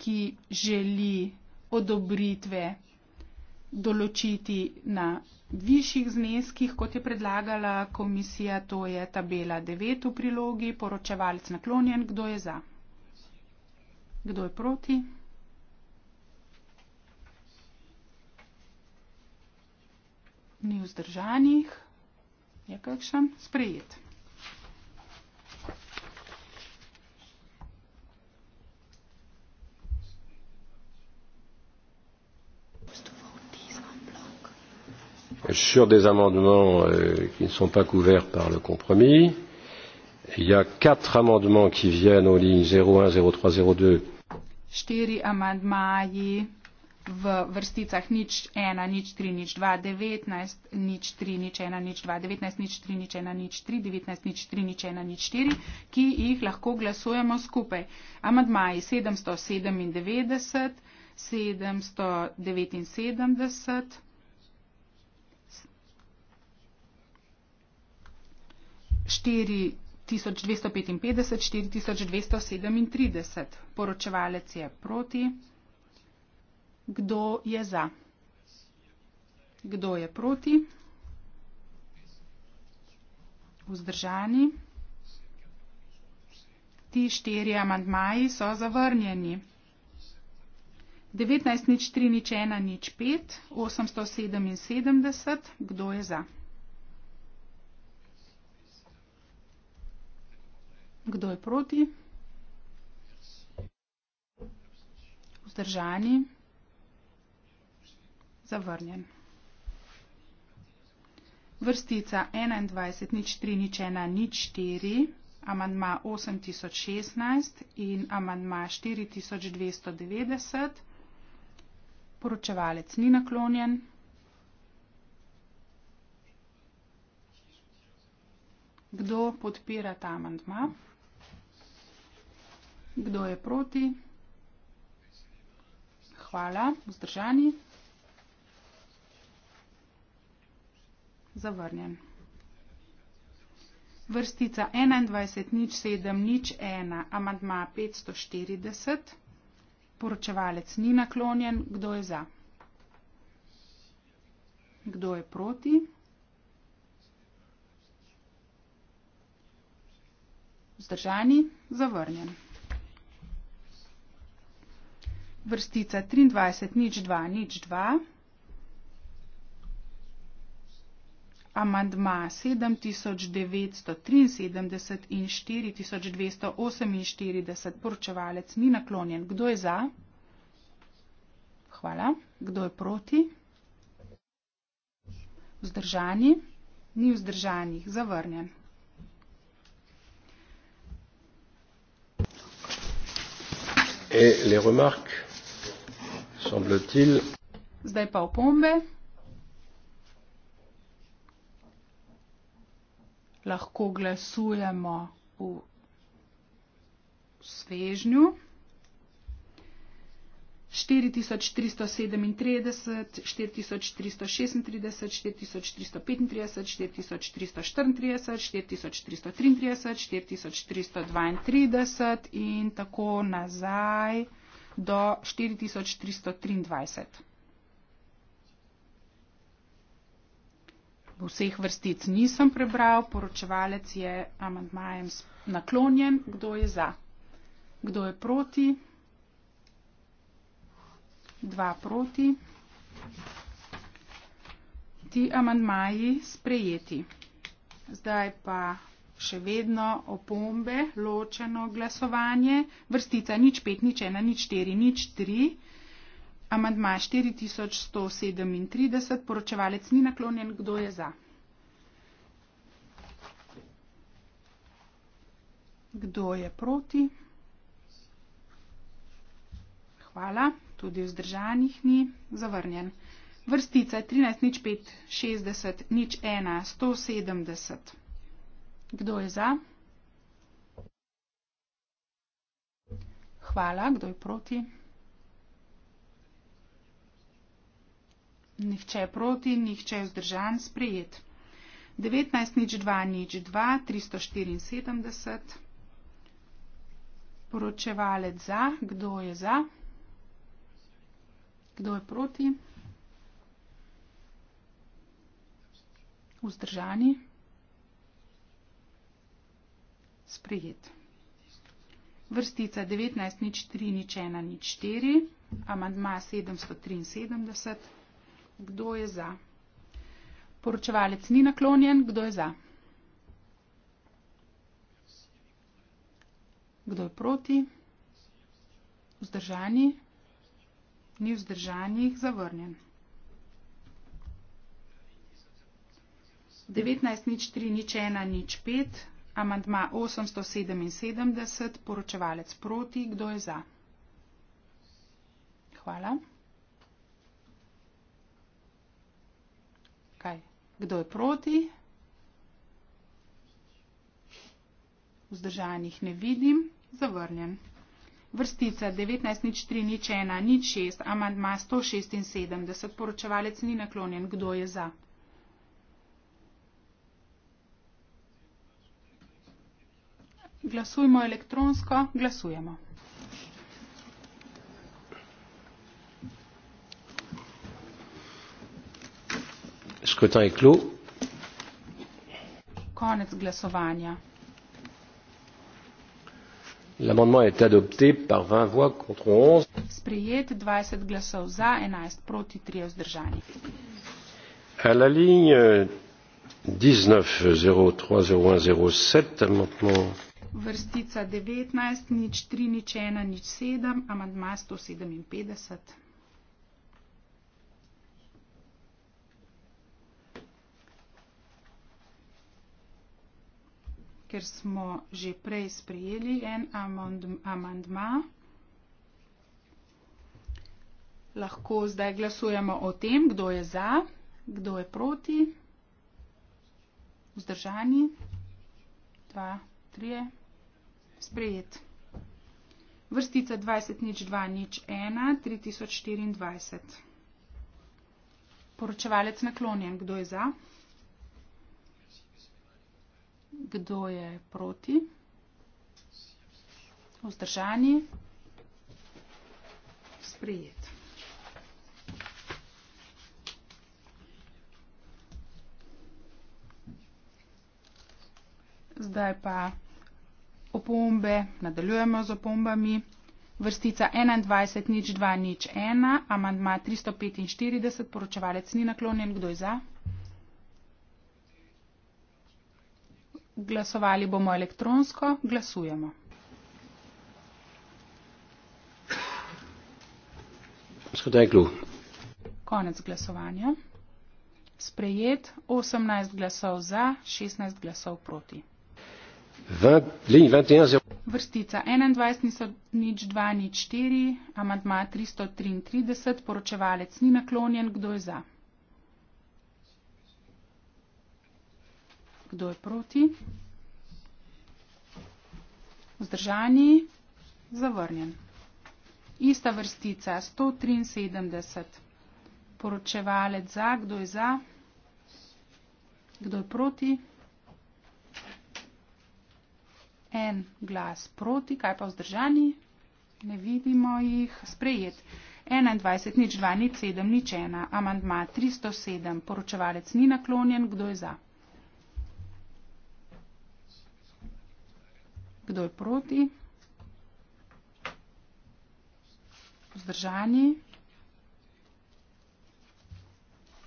[SPEAKER 2] ki želi odobritve določiti na višjih zneskih, kot je predlagala komisija, to je tabela 9 v prilogi, poročevalec naklonjen, kdo je za. Kdo je proti? Ni vzdržanih. Je kakšen? Sprejet.
[SPEAKER 1] sur des amendements euh, qui ne sont pas couverts par le compromis. Il y a quatre amendements qui viennent aux lignes 01, 03, 02.
[SPEAKER 2] Štiri amandmaji v vrsticah nič ena, nič tri, nič dva, devetnajst, nič tri, nič ena, nič dva, devetnajst, nič tri, nič ena, nič tri, devetnajst, nič tri, nič ena, nič štiri, ki jih lahko glasujemo skupaj. Amandmaji 797, 779, 4255, 4237. Poročevalec je proti. Kdo je za? Kdo je proti? Vzdržani. Ti štiri amantmaji so zavrnjeni. 19 nič 3 nič 1 nič 5 877 kdo je za? Kdo je proti? Vzdržani? Zavrnjen. Vrstica 21 nič 3 nič 1 nič 4, amandma 8016 in amandma 4290. Poročevalec ni naklonjen. Kdo podpira ta amandma? Kdo je proti? Hvala. Vzdržani. Zavrnjen. Vrstica 21701, amantma 540. Poročevalec ni naklonjen. Kdo je za? Kdo je proti? Vzdržani. Zavrnjen vrstica 23 nič 2 nič 2, amandma 7973 in 4248, poročevalec ni naklonjen. Kdo je za? Hvala. Kdo je proti? Vzdržani? Ni vzdržanih. Zavrnjen.
[SPEAKER 1] Et les remarques semble-t-il.
[SPEAKER 2] Zdaj pa opombe. Lahko glasujemo v svežnju. 4337, 4336, 4335, 4334, 4333, 4332 in tako nazaj do 4323. Vseh vrstic nisem prebral, poročevalec je amantmajem naklonjen, kdo je za, kdo je proti, dva proti, ti amantmaji sprejeti. Zdaj pa še vedno opombe, ločeno glasovanje, vrstica nič pet, nič ena, nič štiri, nič tri, amantma 4137, poročevalec ni naklonjen, kdo je za. Kdo je proti? Hvala, tudi vzdržanih ni zavrnjen. Vrstica 13.05.60.1.170. Kdo je za? Hvala. Kdo je proti? Nihče je proti, nihče je vzdržan, sprejet. 19 nič 2 nič 2, 374. Poročevalec za, kdo je za? Kdo je proti? Vzdržani sprejet. Vrstica 19, nič 3, nič 1, nič 4, amantma 773. Kdo je za? Poročevalec ni naklonjen. Kdo je za? Kdo je proti? Vzdržani? Ni vzdržanjih zavrnjen. 19, nič 3, nič 1, nič 5. Amantma 877, poročevalec proti, kdo je za? Hvala. Kaj? Kdo je proti? Vzdržanih ne vidim, zavrnjen. Vrstica 19.03.01.06, amantma 176, poročevalec ni naklonjen, kdo je za? Glasujmo elektronsko. Glasujemo.
[SPEAKER 1] Skrutin je klub.
[SPEAKER 2] Konec glasovanja.
[SPEAKER 1] L'amendement est adopté par 20 voix contre 11.
[SPEAKER 2] Sprejet 20 glasov za, 11 proti, 3 vzdržani.
[SPEAKER 1] À la ligne 19.03.01.07, amendement
[SPEAKER 2] vrstica 19, nič 3, nič 1, nič 7, amadma 157. Ker smo že prej sprejeli en amandma, lahko zdaj glasujemo o tem, kdo je za, kdo je proti, vzdržani, dva, trije sprejet. Vrstica 20.02.01.3024. Poročevalec naklonjen, kdo je za? Kdo je proti? Vzdržani? Sprejet. Zdaj pa opombe, nadaljujemo z opombami. Vrstica 21, nič 2, nič 1, amandma 345, poročevalec ni naklonjen, kdo je za? Glasovali bomo elektronsko, glasujemo. Konec glasovanja. Sprejet 18 glasov za, 16 glasov proti
[SPEAKER 1] v liniji 21.
[SPEAKER 2] Vrstica 21, niso nič 2, nič 4, amadma 333, poročevalec ni naklonjen, kdo je za? Kdo je proti? Vzdržani, zavrnjen. Ista vrstica 173, poročevalec za, kdo je za? Kdo je proti? en glas proti, kaj pa vzdržani, ne vidimo jih, sprejet. 21, nič 2, nič 7, nič 1, amandma 307, poročevalec ni naklonjen, kdo je za? Kdo je proti? Vzdržani?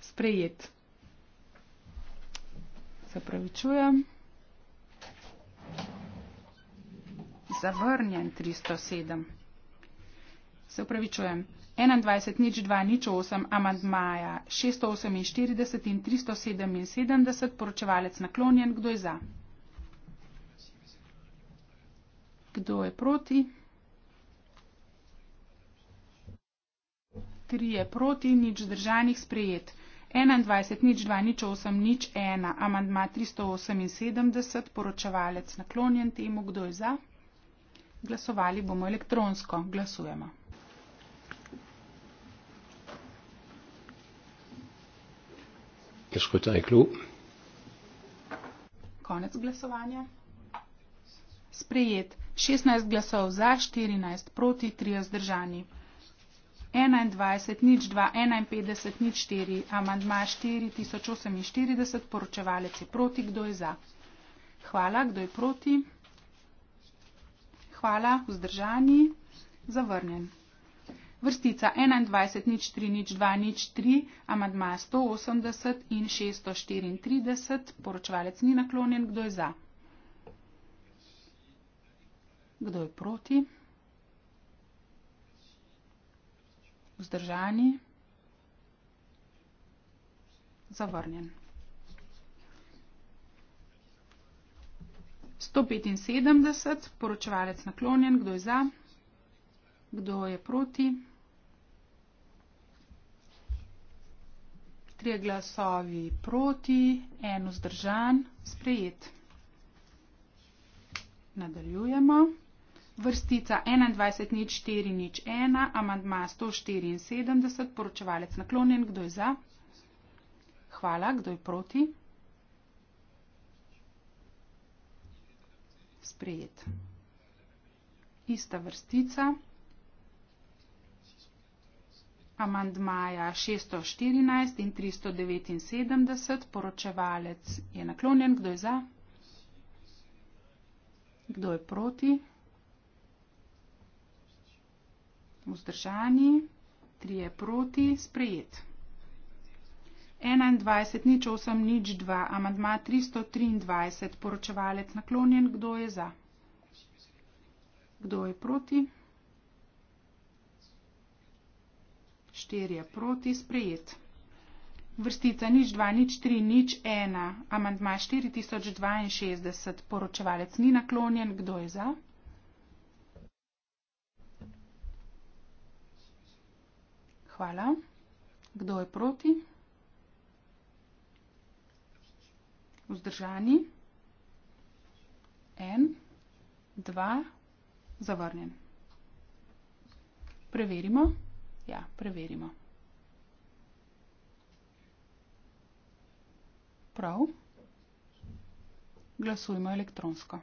[SPEAKER 2] Sprejet. Zapravičujem. zavrnjen 307. Se upravičujem. 21 nič 2 nič 8 amandmaja 648 in 377 poročevalec naklonjen. Kdo je za? Kdo je proti? Tri je proti, nič zdržanih sprejet. 21 nič 2 nič 8 nič 1 amandma 378 poročevalec naklonjen temu, kdo je za. Glasovali bomo elektronsko. Glasujemo. Konec glasovanja. Sprejet. 16 glasov za, 14 proti, 3 zdržani. 21, nič 2, 51, nič 4, amandma 4048, poročevalec je proti, kdo je za. Hvala, kdo je proti hvala, vzdržani, zavrnjen. Vrstica 21.03.02.03, amadma 180 in 634, poročevalec ni naklonjen, kdo je za? Kdo je proti? Vzdržani? Zavrnjen. 175, poročevalec naklonjen, kdo je za, kdo je proti. Tri glasovi proti, en vzdržan, sprejet. Nadaljujemo. Vrstica 21 nič 4 nič 1, amantma 174, poročevalec naklonjen, kdo je za. Hvala, kdo je proti. sprejet. Ista vrstica. Amandmaja 614 in 379, poročevalec je naklonjen, kdo je za, kdo je proti, vzdržani, tri je proti, sprejet. 21, nič 8, nič 2, amadma 323, poročevalec naklonjen, kdo je za? Kdo je proti? Štiri je proti, sprejet. Vrstica nič 2, nič 3, nič 1, amadma 4062, poročevalec ni naklonjen, kdo je za? Hvala. Kdo je proti? vzdržani, en, dva, zavrnjen. Preverimo. Ja, preverimo. Prav. Glasujmo elektronsko.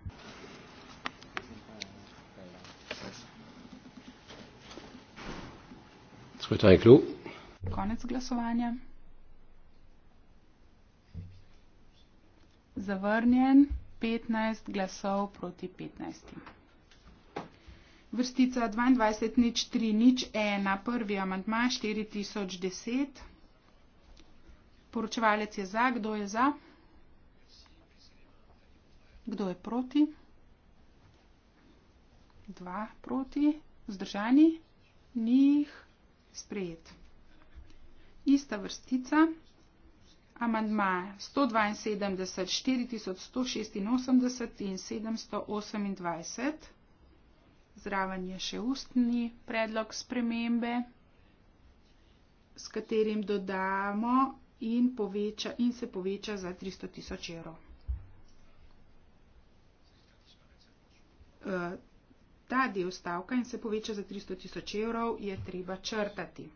[SPEAKER 2] Konec glasovanja. zavrnjen 15 glasov proti 15. Vrstica 22 nič 3 nič 1, prvi amantma 4010. Poročevalec je za, kdo je za? Kdo je proti? Dva proti, vzdržani, njih sprejet. Ista vrstica amandmaja 172, 4186 in 728. Zraven je še ustni predlog spremembe, s katerim dodamo in, poveča, in se poveča za 300 tisoč evrov. Eh, ta del stavka in se poveča za 300 tisoč evrov je treba črtati.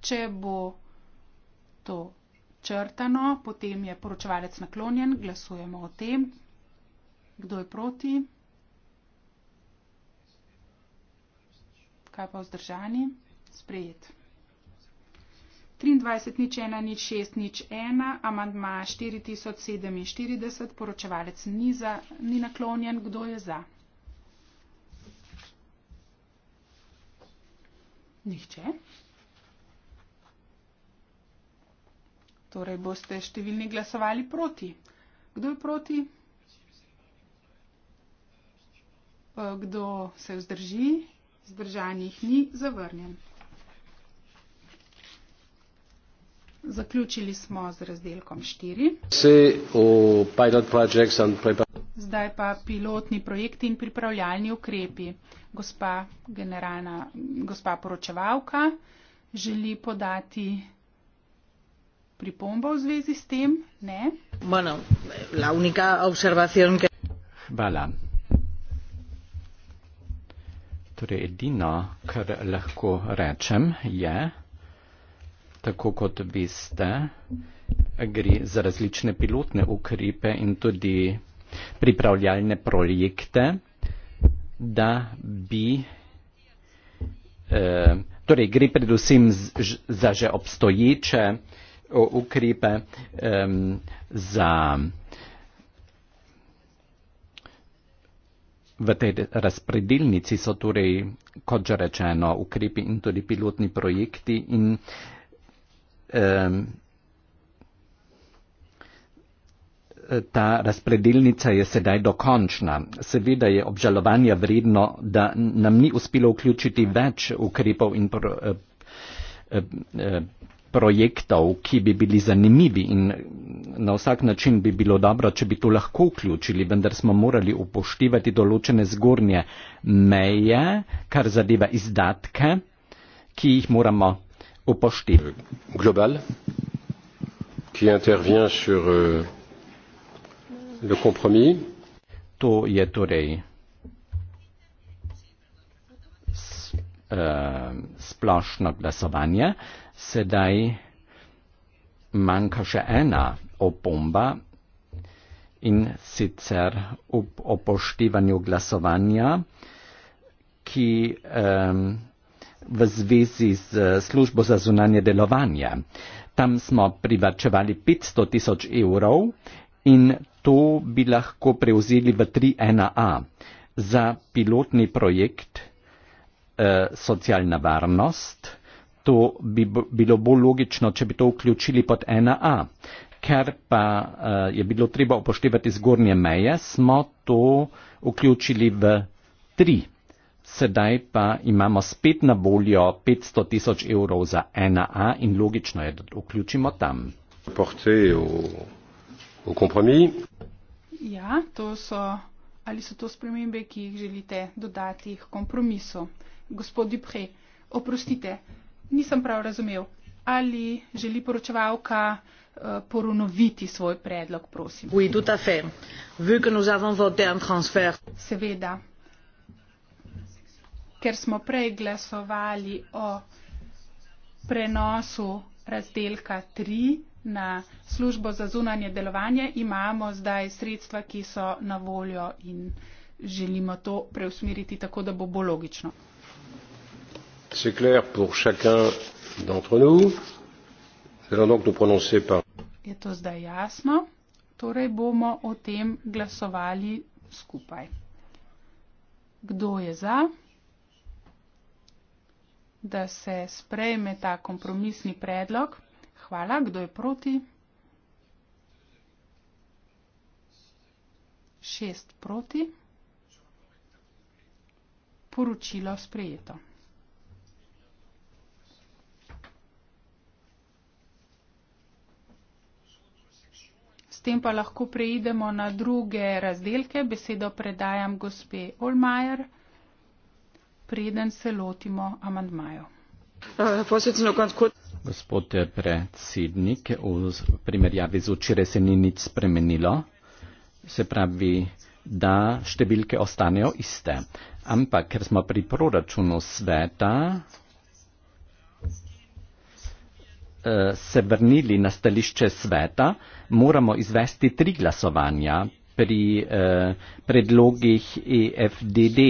[SPEAKER 2] Če bo to črtano, potem je poročevalec naklonjen, glasujemo o tem, kdo je proti, kaj pa vzdržani, sprejet. 23 nič 1 nič 6 nič 1, amandma 4047, poročevalec ni, za, ni naklonjen, kdo je za. Nihče. Torej boste številni glasovali proti. Kdo je proti? Eh, kdo se vzdrži? Zdržanih ni zavrnjen. Zaključili smo z razdelkom 4. Zdaj pa pilotni projekti in pripravljalni ukrepi. Gospa, gospa poročevalka želi podati pripomba v zvezi s tem? Ne? Bueno,
[SPEAKER 4] la única observación que... Hvala. Torej, edino, kar lahko rečem, je, tako kot veste, gre za različne pilotne ukrepe in tudi pripravljalne projekte, da bi. Eh, torej, gre predvsem za že obstoječe eh, ukrepe um, za v tej razpredelnici so torej, kot že rečeno, ukrepi in tudi pilotni projekti in um, ta razpredelnica je sedaj dokončna. Seveda je obžalovanja vredno, da nam ni uspelo vključiti več ukrepov in pro, uh, uh, uh, projektov, ki bi bili zanimivi in na vsak način bi bilo dobro, če bi to lahko vključili, vendar smo morali upoštevati določene zgornje meje, kar zadeva izdatke, ki jih moramo upoštevati. Global,
[SPEAKER 1] ki intervient sur euh,
[SPEAKER 4] le kompromis. To je torej. Eh, splošno glasovanje sedaj manjka še ena opomba in sicer ob opoštevanju glasovanja, ki um, v zvezi z službo za zunanje delovanje. Tam smo privačevali 500 tisoč evrov in to bi lahko prevzeli v 3.1a za pilotni projekt uh, socialna varnost to bi bilo bolj logično, če bi to vključili pod 1a. Ker pa uh, je bilo treba upoštevati zgornje meje, smo to vključili v 3. Sedaj pa imamo spet na voljo 500 tisoč evrov za 1a in logično je, da to vključimo tam.
[SPEAKER 2] Ja, to so, ali so to spremembe, ki jih želite dodati k kompromisu? Gospod Dupre, oprostite, nisem prav razumel. Ali želi poročevalka uh, eh, poronoviti svoj predlog, prosim? Oui, tout à fait. Vu que nous avons voté un transfert. Seveda. Ker smo prej glasovali o prenosu razdelka 3 na službo za zunanje delovanje, imamo zdaj sredstva, ki so na voljo in želimo to preusmeriti tako, da bo bolj logično
[SPEAKER 1] c'est clair pour chacun d'entre nous. Nous allons donc nous prononcer par.
[SPEAKER 2] Je to zdaj jasno, torej bomo o tem glasovali skupaj. Kdo je za, da se sprejme ta kompromisni predlog? Hvala, kdo je proti? Šest proti. Poročilo sprejeto. tem pa lahko preidemo na druge razdelke. Besedo predajam gospe Olmajer, preden se lotimo amandmajo.
[SPEAKER 4] Gospod predsednik, v primerjavi z včeraj se ni nič spremenilo, se pravi, da številke ostanejo iste. Ampak, ker smo pri proračunu sveta, Eh, se vrnili na stališče sveta, moramo izvesti tri glasovanja pri eh, predlogih EFDD.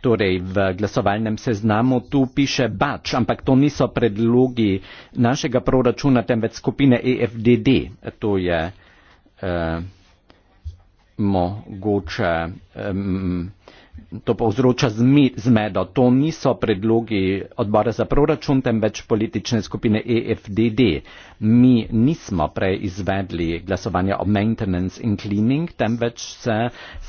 [SPEAKER 4] Torej, v glasovalnem seznamu tu piše bač, ampak to niso predlogi našega proračuna, temveč skupine EFDD. To je eh, mogoče eh, to povzroča zmedo. To niso predlogi odbora za proračun, temveč politične skupine EFDD. Mi nismo prej izvedli glasovanja o maintenance in cleaning, temveč se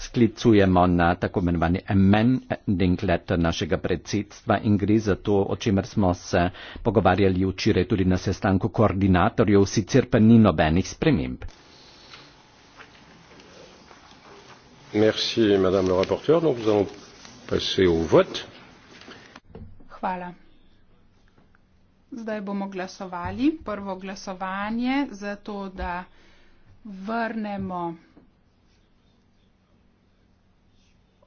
[SPEAKER 4] sklicujemo na tako imenovani amending letter našega predsedstva in gre za to, o čemer smo se pogovarjali včeraj tudi na sestanku koordinatorjev, sicer pa ni nobenih sprememb.
[SPEAKER 1] hvala lepa za besedo.
[SPEAKER 2] zdaj bomo glasovali. prvo glasovanje za to, da vrnemo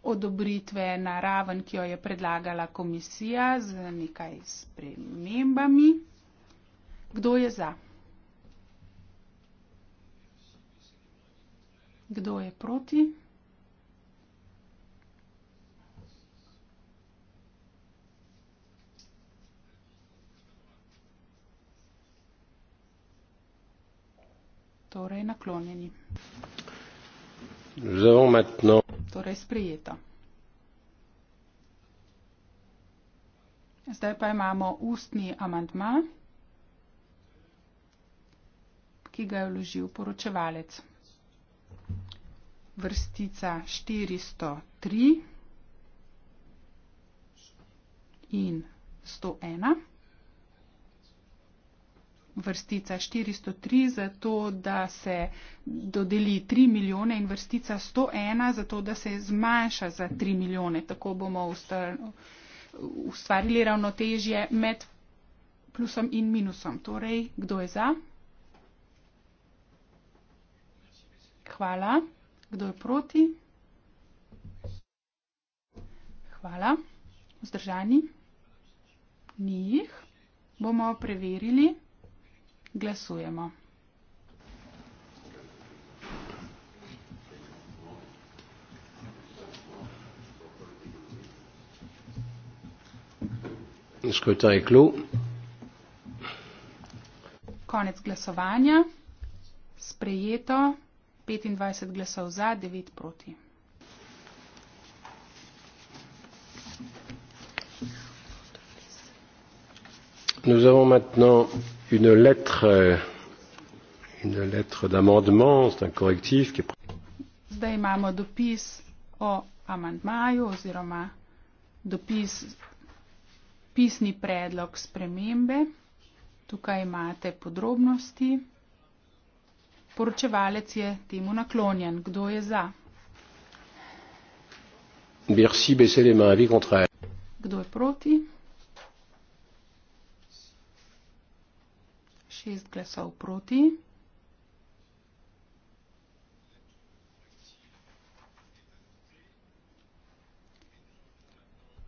[SPEAKER 2] odobritve na raven, ki jo je predlagala komisija z nekaj spremembami. Kdo je za? Kdo je proti? torej naklonjeni. Torej sprijeta. Zdaj pa imamo ustni amantma, ki ga je vložil poročevalec. Vrstica 403 in 101 vrstica 403, zato da se dodeli 3 milijone in vrstica 101, zato da se zmanjša za 3 milijone. Tako bomo ustvarili ravnotežje med plusom in minusom. Torej, kdo je za? Hvala. Kdo je proti? Hvala. Vzdržani? Njih bomo preverili. Glasujemo. Konec glasovanja. Sprejeto. 25 glasov za, 9 proti.
[SPEAKER 1] Nous avons maintenant une lettre, euh, une lettre d'amendement, c'est un correctif qui est.
[SPEAKER 2] Zdaj imamo dopis o amandmaju oziroma dopis, pisni predlog spremembe. Tukaj imate podrobnosti. Poročevalec je temu naklonjen. Kdo je za?
[SPEAKER 1] Merci, les mains.
[SPEAKER 2] Kdo je proti? šest glasov proti.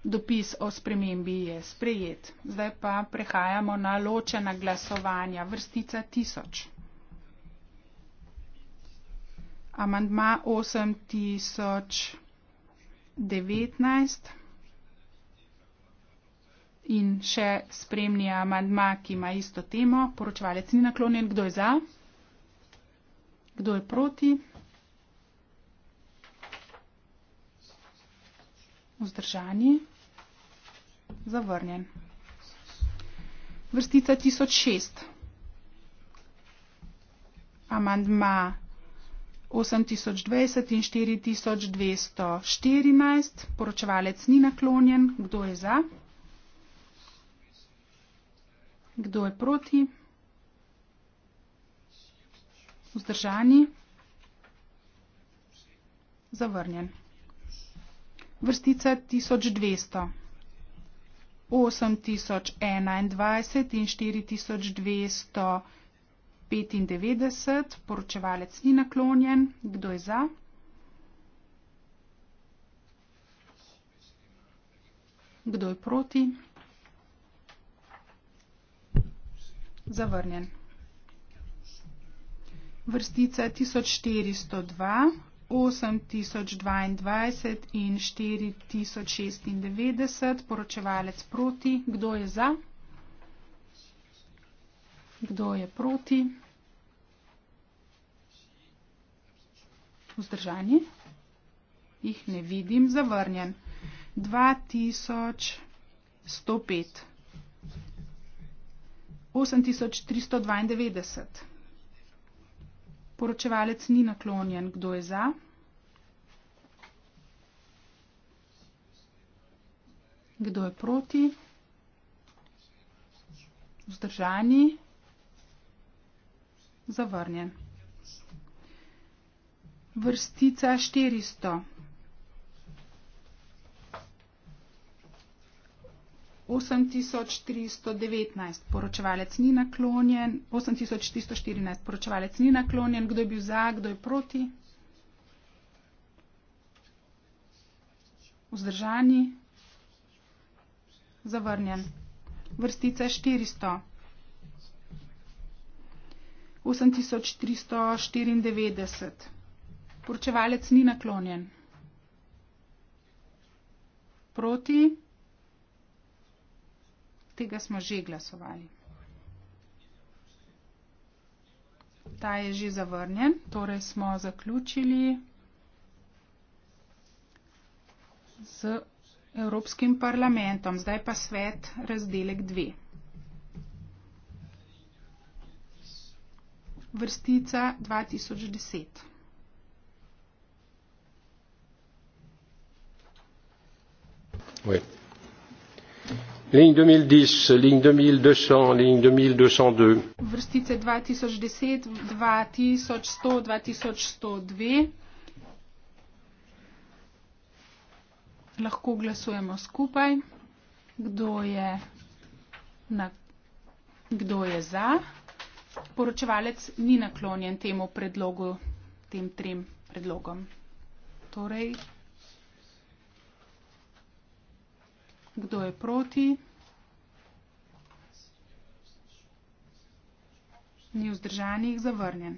[SPEAKER 2] Dopis o spremembi je sprejet. Zdaj pa prehajamo na ločena glasovanja. Vrstica 1000. Amandma 8019 in še spremni amandma, ki ima isto temo. Poročevalec ni naklonjen. Kdo je za? Kdo je proti? Vzdržani. Zavrnjen. Vrstica 1006. Amandma 8020 in 4214. Poročevalec ni naklonjen. Kdo je za? Kdo je proti? Vzdržani? Zavrnjen. Vrstica 1200. 8021 in 4295. Poročevalec ni naklonjen. Kdo je za? Kdo je proti? zavrnjen. Vrstica 1402, 8022 in 4096, poročevalec proti, kdo je za, kdo je proti, vzdržanje, jih ne vidim, zavrnjen, 2105. 8392. Poročevalec ni naklonjen, kdo je za. Kdo je proti? Vzdržani? Zavrnjen. Vrstica 400. 8319, poročevalec ni naklonjen, 8314, poročevalec ni naklonjen, kdo je bil za, kdo je proti? Vzdržani? Zavrnjen. Vrstica 400. 8394. Poročevalec ni naklonjen. Proti? tega smo že glasovali. Ta je že zavrnjen, torej smo zaključili z Evropskim parlamentom. Zdaj pa svet razdelek 2. Vrstica 2010.
[SPEAKER 1] Wait ligne 2010, ligne 2200, ligne 2202.
[SPEAKER 2] Vrstice 2010, 2100, 2102. Lahko glasujemo skupaj. Kdo je, na, kdo je za? Poročevalec ni naklonjen temu predlogu, tem trem predlogom. Torej, Kdo je proti? Ni vzdržanih, zavrnjen.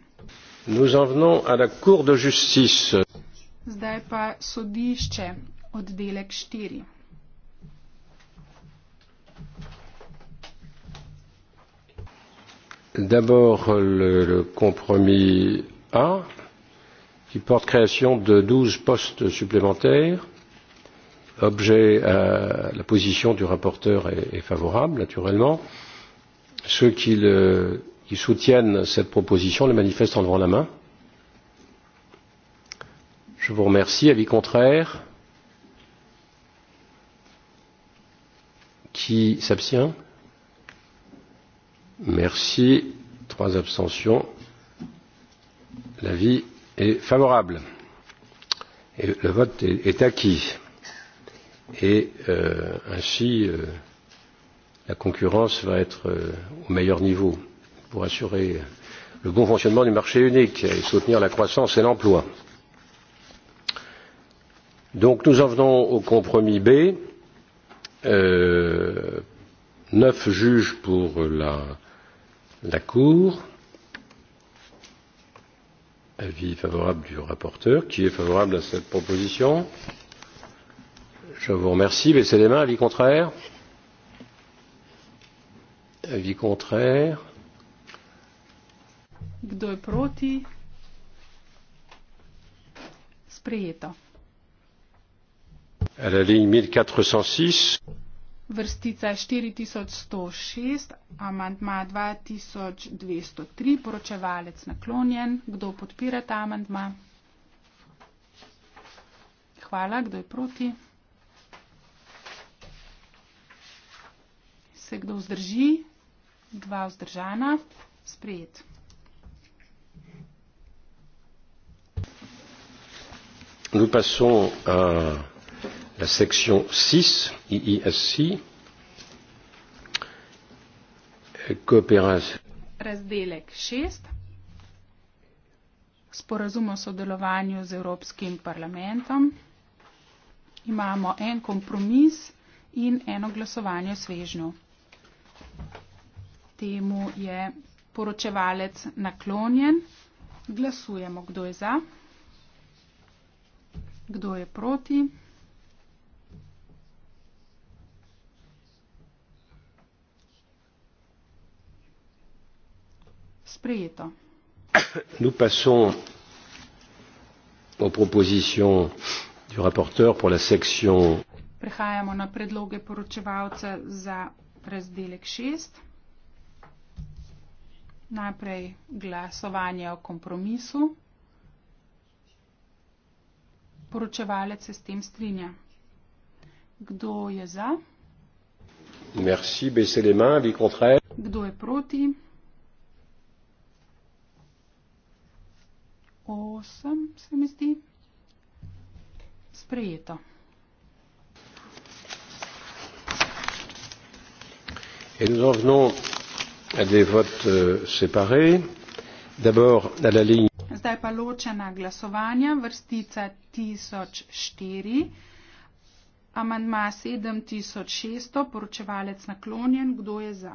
[SPEAKER 2] Zdaj pa sodišče, oddelek 4.
[SPEAKER 1] D'abord le, le compromis A qui porte création de 12 postes supplémentaires objet, euh, la position du rapporteur est, est favorable, naturellement. Ceux qui, le, qui soutiennent cette proposition le manifestent en levant la main. Je vous remercie. Avis contraire Qui s'abstient Merci. Trois abstentions. L'avis est favorable. Et le vote est, est acquis et euh, ainsi euh, la concurrence va être euh, au meilleur niveau pour assurer le bon fonctionnement du marché unique et soutenir la croissance et l'emploi. Donc nous en venons au compromis B. Euh, neuf juges pour la, la Cour. Avis favorable du rapporteur. Qui est favorable à cette proposition Je vous remercie. Baissez les mains. Avis contraire. Avis contraire.
[SPEAKER 2] Kdo je proti? Sprejeto.
[SPEAKER 1] À la ligne 1406.
[SPEAKER 2] Vrstica 4106, amantma 2203, poročevalec naklonjen. Kdo podpira ta amantma? Hvala. Kdo je proti? se kdo vzdrži, dva vzdržana, sprejet.
[SPEAKER 1] Nous passons à la section 6, IISC, coopération.
[SPEAKER 2] 6, Imamo en kompromis in eno glasovanje o svežnju temu je poročevalec naklonjen. Glasujemo, kdo je za, kdo je proti. Sprejeto.
[SPEAKER 1] Nous passons aux propositions du rapporteur pour la section.
[SPEAKER 2] Prehajamo na predloge poročevalca za razdelek 6 najprej glasovanje o kompromisu. Poročevalec se s tem strinja. Kdo je za?
[SPEAKER 1] Merci, baissez les mains, vi contraire.
[SPEAKER 2] Kdo je proti? Osem se mi zdi. Sprejeto.
[SPEAKER 1] Et nous en venons des votes euh, séparés. D'abord, à la ligne.
[SPEAKER 2] Zdaj pa ločena glasovanja, vrstica 1004, amantma 7600, poročevalec naklonjen, kdo je za?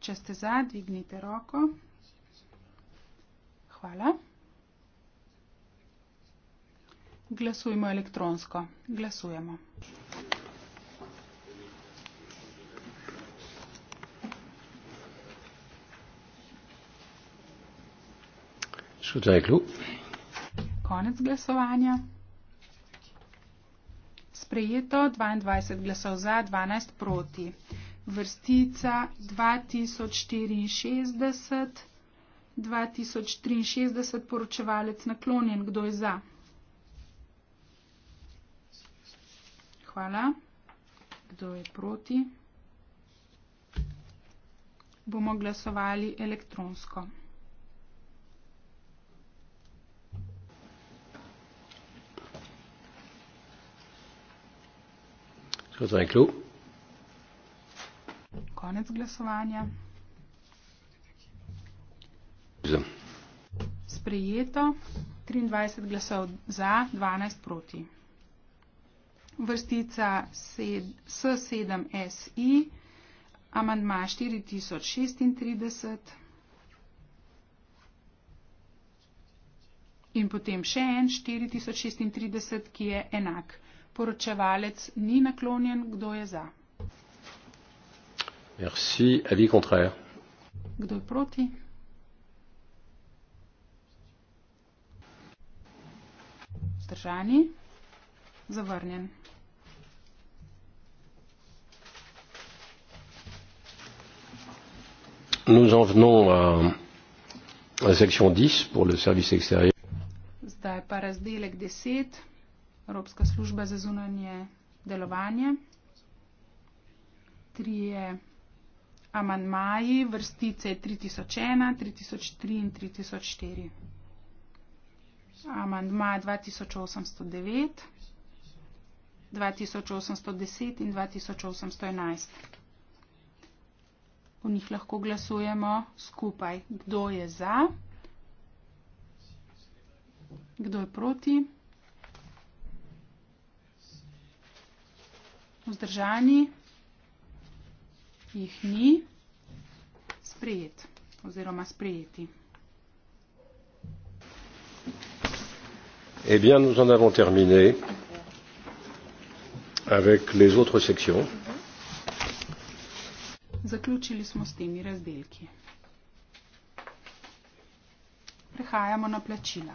[SPEAKER 2] Če ste za, dvignite roko. Hvala. Glasujmo elektronsko. Glasujemo. Konec glasovanja. Sprejeto 22 glasov za, 12 proti. Vrstica 2064. 2063 poročevalec naklonjen. Kdo je za? Hvala. Kdo je proti? Bomo glasovali elektronsko. Konec glasovanja. Sprejeto 23 glasov za, 12 proti. Vrstica S7SI, amandma 4036 in potem še en 4036, ki je enak poročevalec ni naklonjen, kdo je za.
[SPEAKER 1] Merci, avis contraire.
[SPEAKER 2] Kdo je proti? Zdržani? Zavrnjen.
[SPEAKER 1] Nous en venons à, à section 10 pour le service extérieur.
[SPEAKER 2] Zdaj pa razdelek 10. Evropska služba za zunanje delovanje. Trije amantmaji vrstice 3001, 3003 in 3004. Amantma 2809, 2810 in 2811. V njih lahko glasujemo skupaj, kdo je za, kdo je proti. vzdržani, jih ni, sprejet oziroma sprejeti.
[SPEAKER 1] Eh bien, nous en avons terminé avec les autres sections.
[SPEAKER 2] Zaključili smo s temi razdelki. Prehajamo na plačila.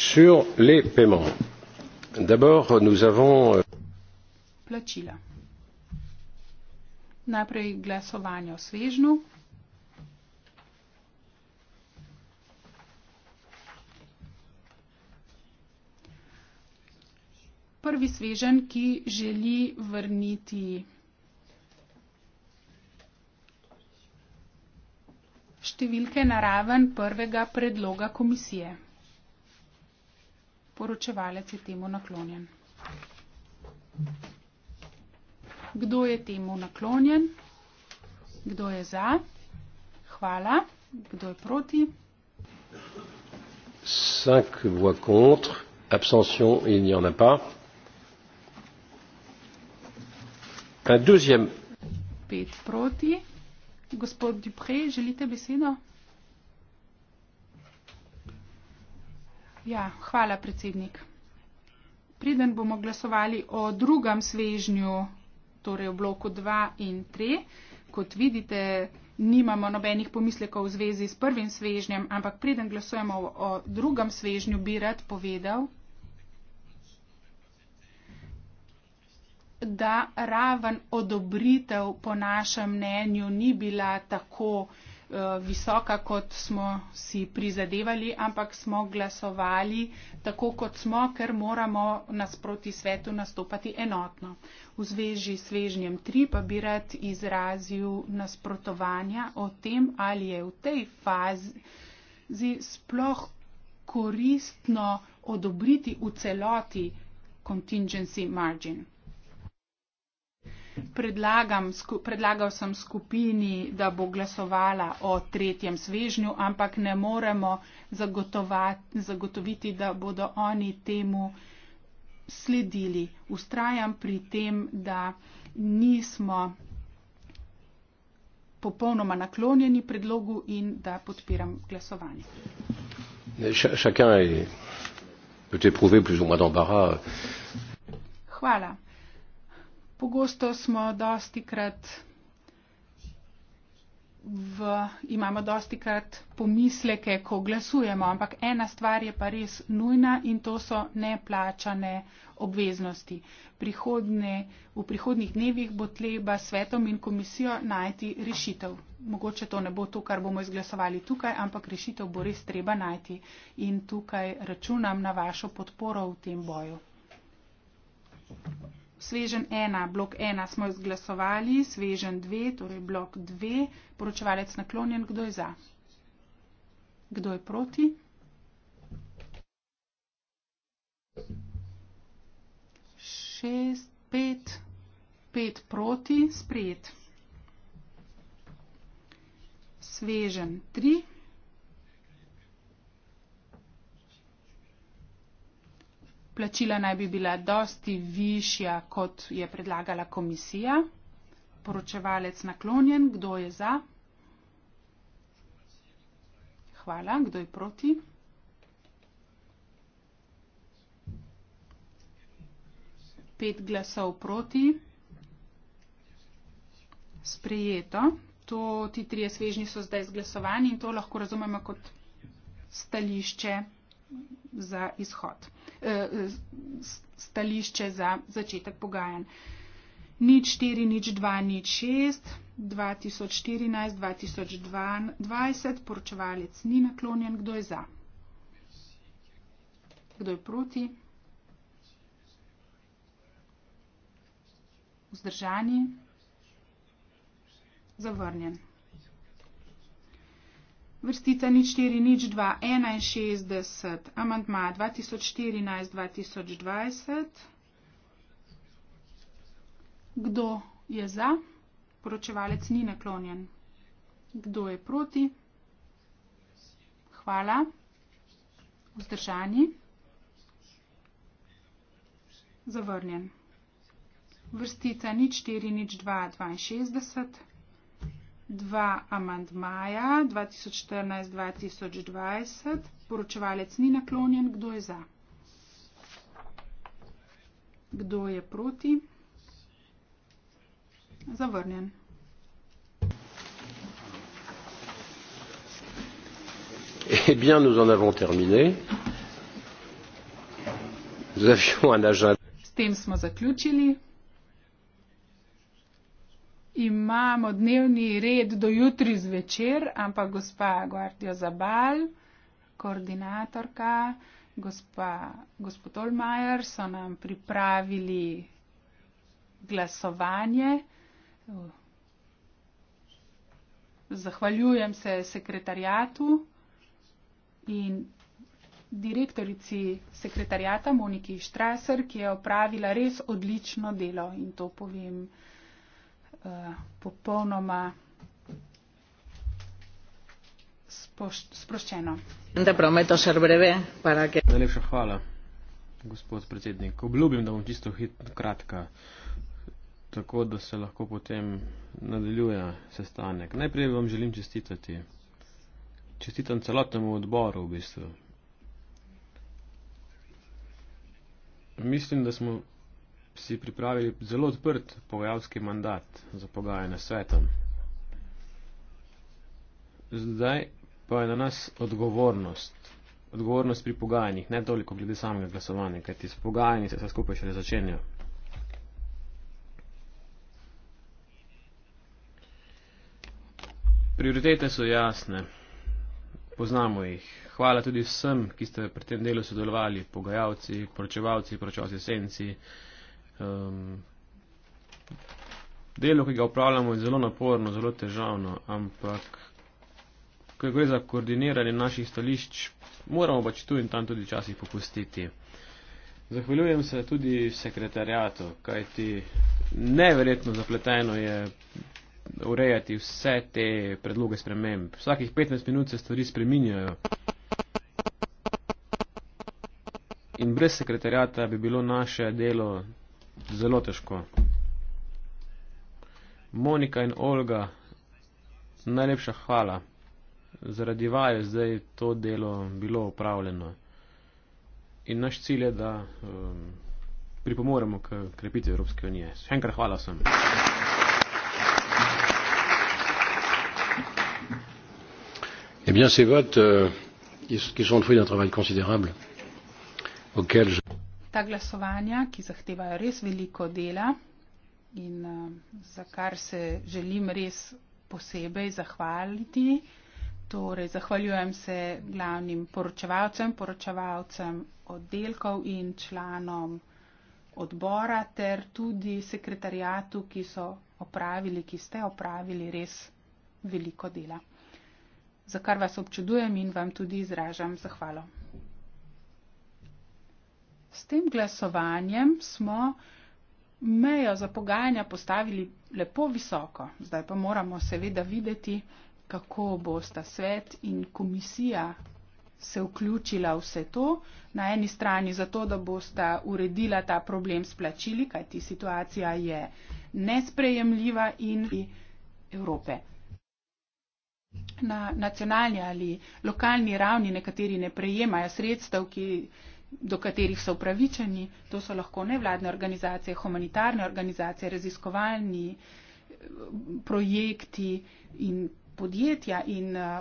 [SPEAKER 1] sur les paiements. D'abord, nous avons. Euh,
[SPEAKER 2] Plačila. Najprej glasovanje o svežnu. Prvi svežen, ki želi vrniti številke na raven prvega predloga komisije poročevalec je temu naklonjen. Kdo je temu naklonjen? Kdo je za? Hvala. Kdo je proti?
[SPEAKER 1] Cinq voix contre, abstention, il n'y en a pas. Un deuxième.
[SPEAKER 2] Pet proti. Gospod Dupré, želite besedo? Ja, hvala, predsednik. Preden bomo glasovali o drugem svežnju, torej o bloku 2 in 3, kot vidite, nimamo nobenih pomislekov v zvezi s prvim svežnjem, ampak preden glasujemo o drugem svežnju, bi rad povedal, da raven odobritev po našem mnenju ni bila tako. Eh, visoka, kot smo si prizadevali, ampak smo glasovali tako, kot smo, ker moramo nasproti svetu nastopati enotno. V zveži s svežnjem 3 pa bi rad izrazil nasprotovanja o tem, ali je v tej fazi sploh koristno odobriti v celoti contingency margin predlagam, sku, predlagal sem skupini, da bo glasovala o tretjem svežnju, ampak ne moremo zagotoviti, da bodo oni temu sledili. Ustrajam pri tem, da nismo popolnoma naklonjeni predlogu in da podpiram glasovanje. Hvala pogosto smo dosti krat v, imamo dosti krat pomisleke, ko glasujemo, ampak ena stvar je pa res nujna in to so neplačane obveznosti. Prihodne, v prihodnih dnevih bo treba svetom in komisijo najti rešitev. Mogoče to ne bo to, kar bomo izglasovali tukaj, ampak rešitev bo res treba najti in tukaj računam na vašo podporo v tem boju svežen ena, blok ena smo izglasovali, svežen dve, torej blok dve, poročevalec naklonjen, kdo je za? Kdo je proti? Šest, pet, pet proti, sprejet. Svežen tri. plačila naj bi bila dosti višja, kot je predlagala komisija. Poročevalec naklonjen, kdo je za? Hvala, kdo je proti? Pet glasov proti. Sprejeto. To, ti trije svežni so zdaj zglasovani in to lahko razumemo kot stališče za izhod. Eh, stališče za začetek pogajanj. Nič 4, nič 2, nič 6, 2014, 2022, poročevalec ni naklonjen, kdo je za. Kdo je proti? Vzdržani? Zavrnjen. Vrstica nič 4, nič 2, 61, amantma 2014-2020. Kdo je za? Poročevalec ni naklonjen. Kdo je proti? Hvala. Vzdržani. Zavrnjen. Vrstica nič 4, nič 2, 62 dva amantmaja 2014-2020. Poročevalec ni naklonjen, kdo je za? Kdo je proti? Zavrnjen.
[SPEAKER 1] Eh bien, nous en avons terminé. Nous avions un agenda.
[SPEAKER 2] S tem smo zaključili imamo dnevni red do jutri zvečer, ampak gospa Guardia Zabal, koordinatorka, gospa, gospod Olmajer so nam pripravili glasovanje. Zahvaljujem se sekretarjatu in direktorici sekretarjata Moniki Štraser, ki je opravila res odlično delo in to povem. Eh, popolnoma sproščeno. Najlepša
[SPEAKER 3] hvala, gospod predsednik. Obljubim, da bom čisto kratka, tako da se lahko potem nadaljuje sestanek. Najprej vam želim čestitati. Čestitam celotnemu odboru v bistvu. Mislim, da smo si pripravili zelo odprt pogajalski mandat za pogajanje s svetom. Zdaj pa je na nas odgovornost. Odgovornost pri pogajanjih, ne toliko glede samega glasovanja, kajti s pogajanji se vse skupaj še ne začenjajo. Prioritete so jasne, poznamo jih. Hvala tudi vsem, ki ste pri tem delu sodelovali, pogajalci, poročevalci, poročevalci senci, Um, delo, ki ga upravljamo, je zelo naporno, zelo težavno, ampak ko gre za koordiniranje naših stališč, moramo pač tu in tam tudi časih popustiti. Zahvaljujem se tudi sekretarjatu, kajti neverjetno zapleteno je urejati vse te predloge sprememb. Vsakih 15 minut se stvari spreminjajo. In brez sekretarjata bi bilo naše delo Zelo težko. Monika in Olga, najlepša hvala. Zaradi vaju je zdaj to delo bilo upravljeno. In naš cilj je, da um, pripomoremo k krepitvi Evropske unije. Še enkrat hvala vsem.
[SPEAKER 1] Eh bien, ces votes, euh, qui sont le fruit d'un travail considérable, auquel je
[SPEAKER 2] ta glasovanja, ki zahtevajo res veliko dela in eh, za kar se želim res posebej zahvaliti. Torej, zahvaljujem se glavnim poročevalcem, poročevalcem oddelkov in članom odbora ter tudi sekretarijatu, ki so opravili, ki ste opravili res veliko dela. Za kar vas občudujem in vam tudi izražam zahvalo. S tem glasovanjem smo mejo za pogajanja postavili lepo visoko. Zdaj pa moramo seveda videti, kako bo sta svet in komisija se vključila vse to. Na eni strani zato, da bosta uredila ta problem s plačili, kajti situacija je nesprejemljiva in Evrope. Na nacionalni ali lokalni ravni nekateri ne prejemajo sredstev, ki do katerih so upravičeni. To so lahko nevladne organizacije, humanitarne organizacije, raziskovalni eh, projekti in podjetja. In eh,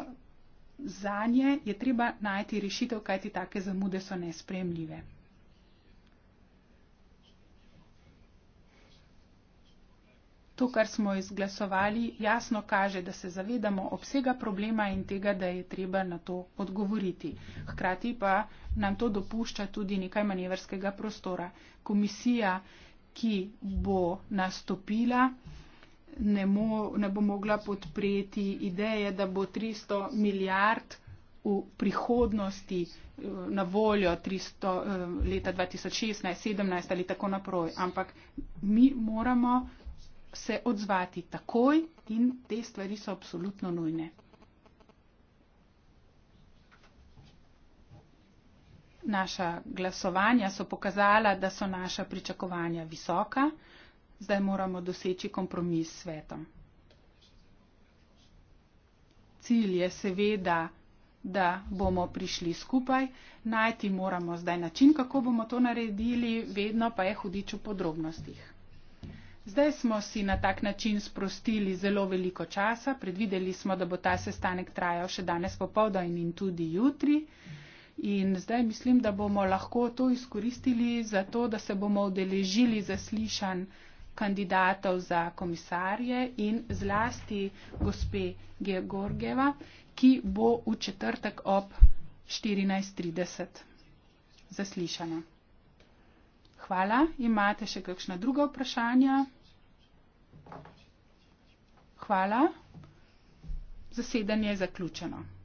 [SPEAKER 2] za nje je treba najti rešitev, kajti take zamude so nespremljive. To, kar smo izglasovali, jasno kaže, da se zavedamo obsega problema in tega, da je treba na to odgovoriti. Hkrati pa nam to dopušča tudi nekaj manevrskega prostora. Komisija, ki bo nastopila, ne, mo, ne bo mogla podpreti ideje, da bo 300 milijard v prihodnosti eh, na voljo 300 eh, leta 2016, 2017 ali tako naprej. Ampak mi moramo se odzvati takoj in te stvari so absolutno nujne. naša glasovanja so pokazala, da so naša pričakovanja visoka, zdaj moramo doseči kompromis s svetom. Cilj je seveda, da bomo prišli skupaj, najti moramo zdaj način, kako bomo to naredili, vedno pa je hudič v podrobnostih. Zdaj smo si na tak način sprostili zelo veliko časa, predvideli smo, da bo ta sestanek trajal še danes popovdaj in tudi jutri. Mhm. In zdaj mislim, da bomo lahko to izkoristili za to, da se bomo udeležili zaslišan kandidatov za komisarje in zlasti gospe Georgeva, ki bo v četrtek ob 14.30 zaslišana. Hvala. Imate še kakšna druga vprašanja? Hvala. Zasedanje je zaključeno.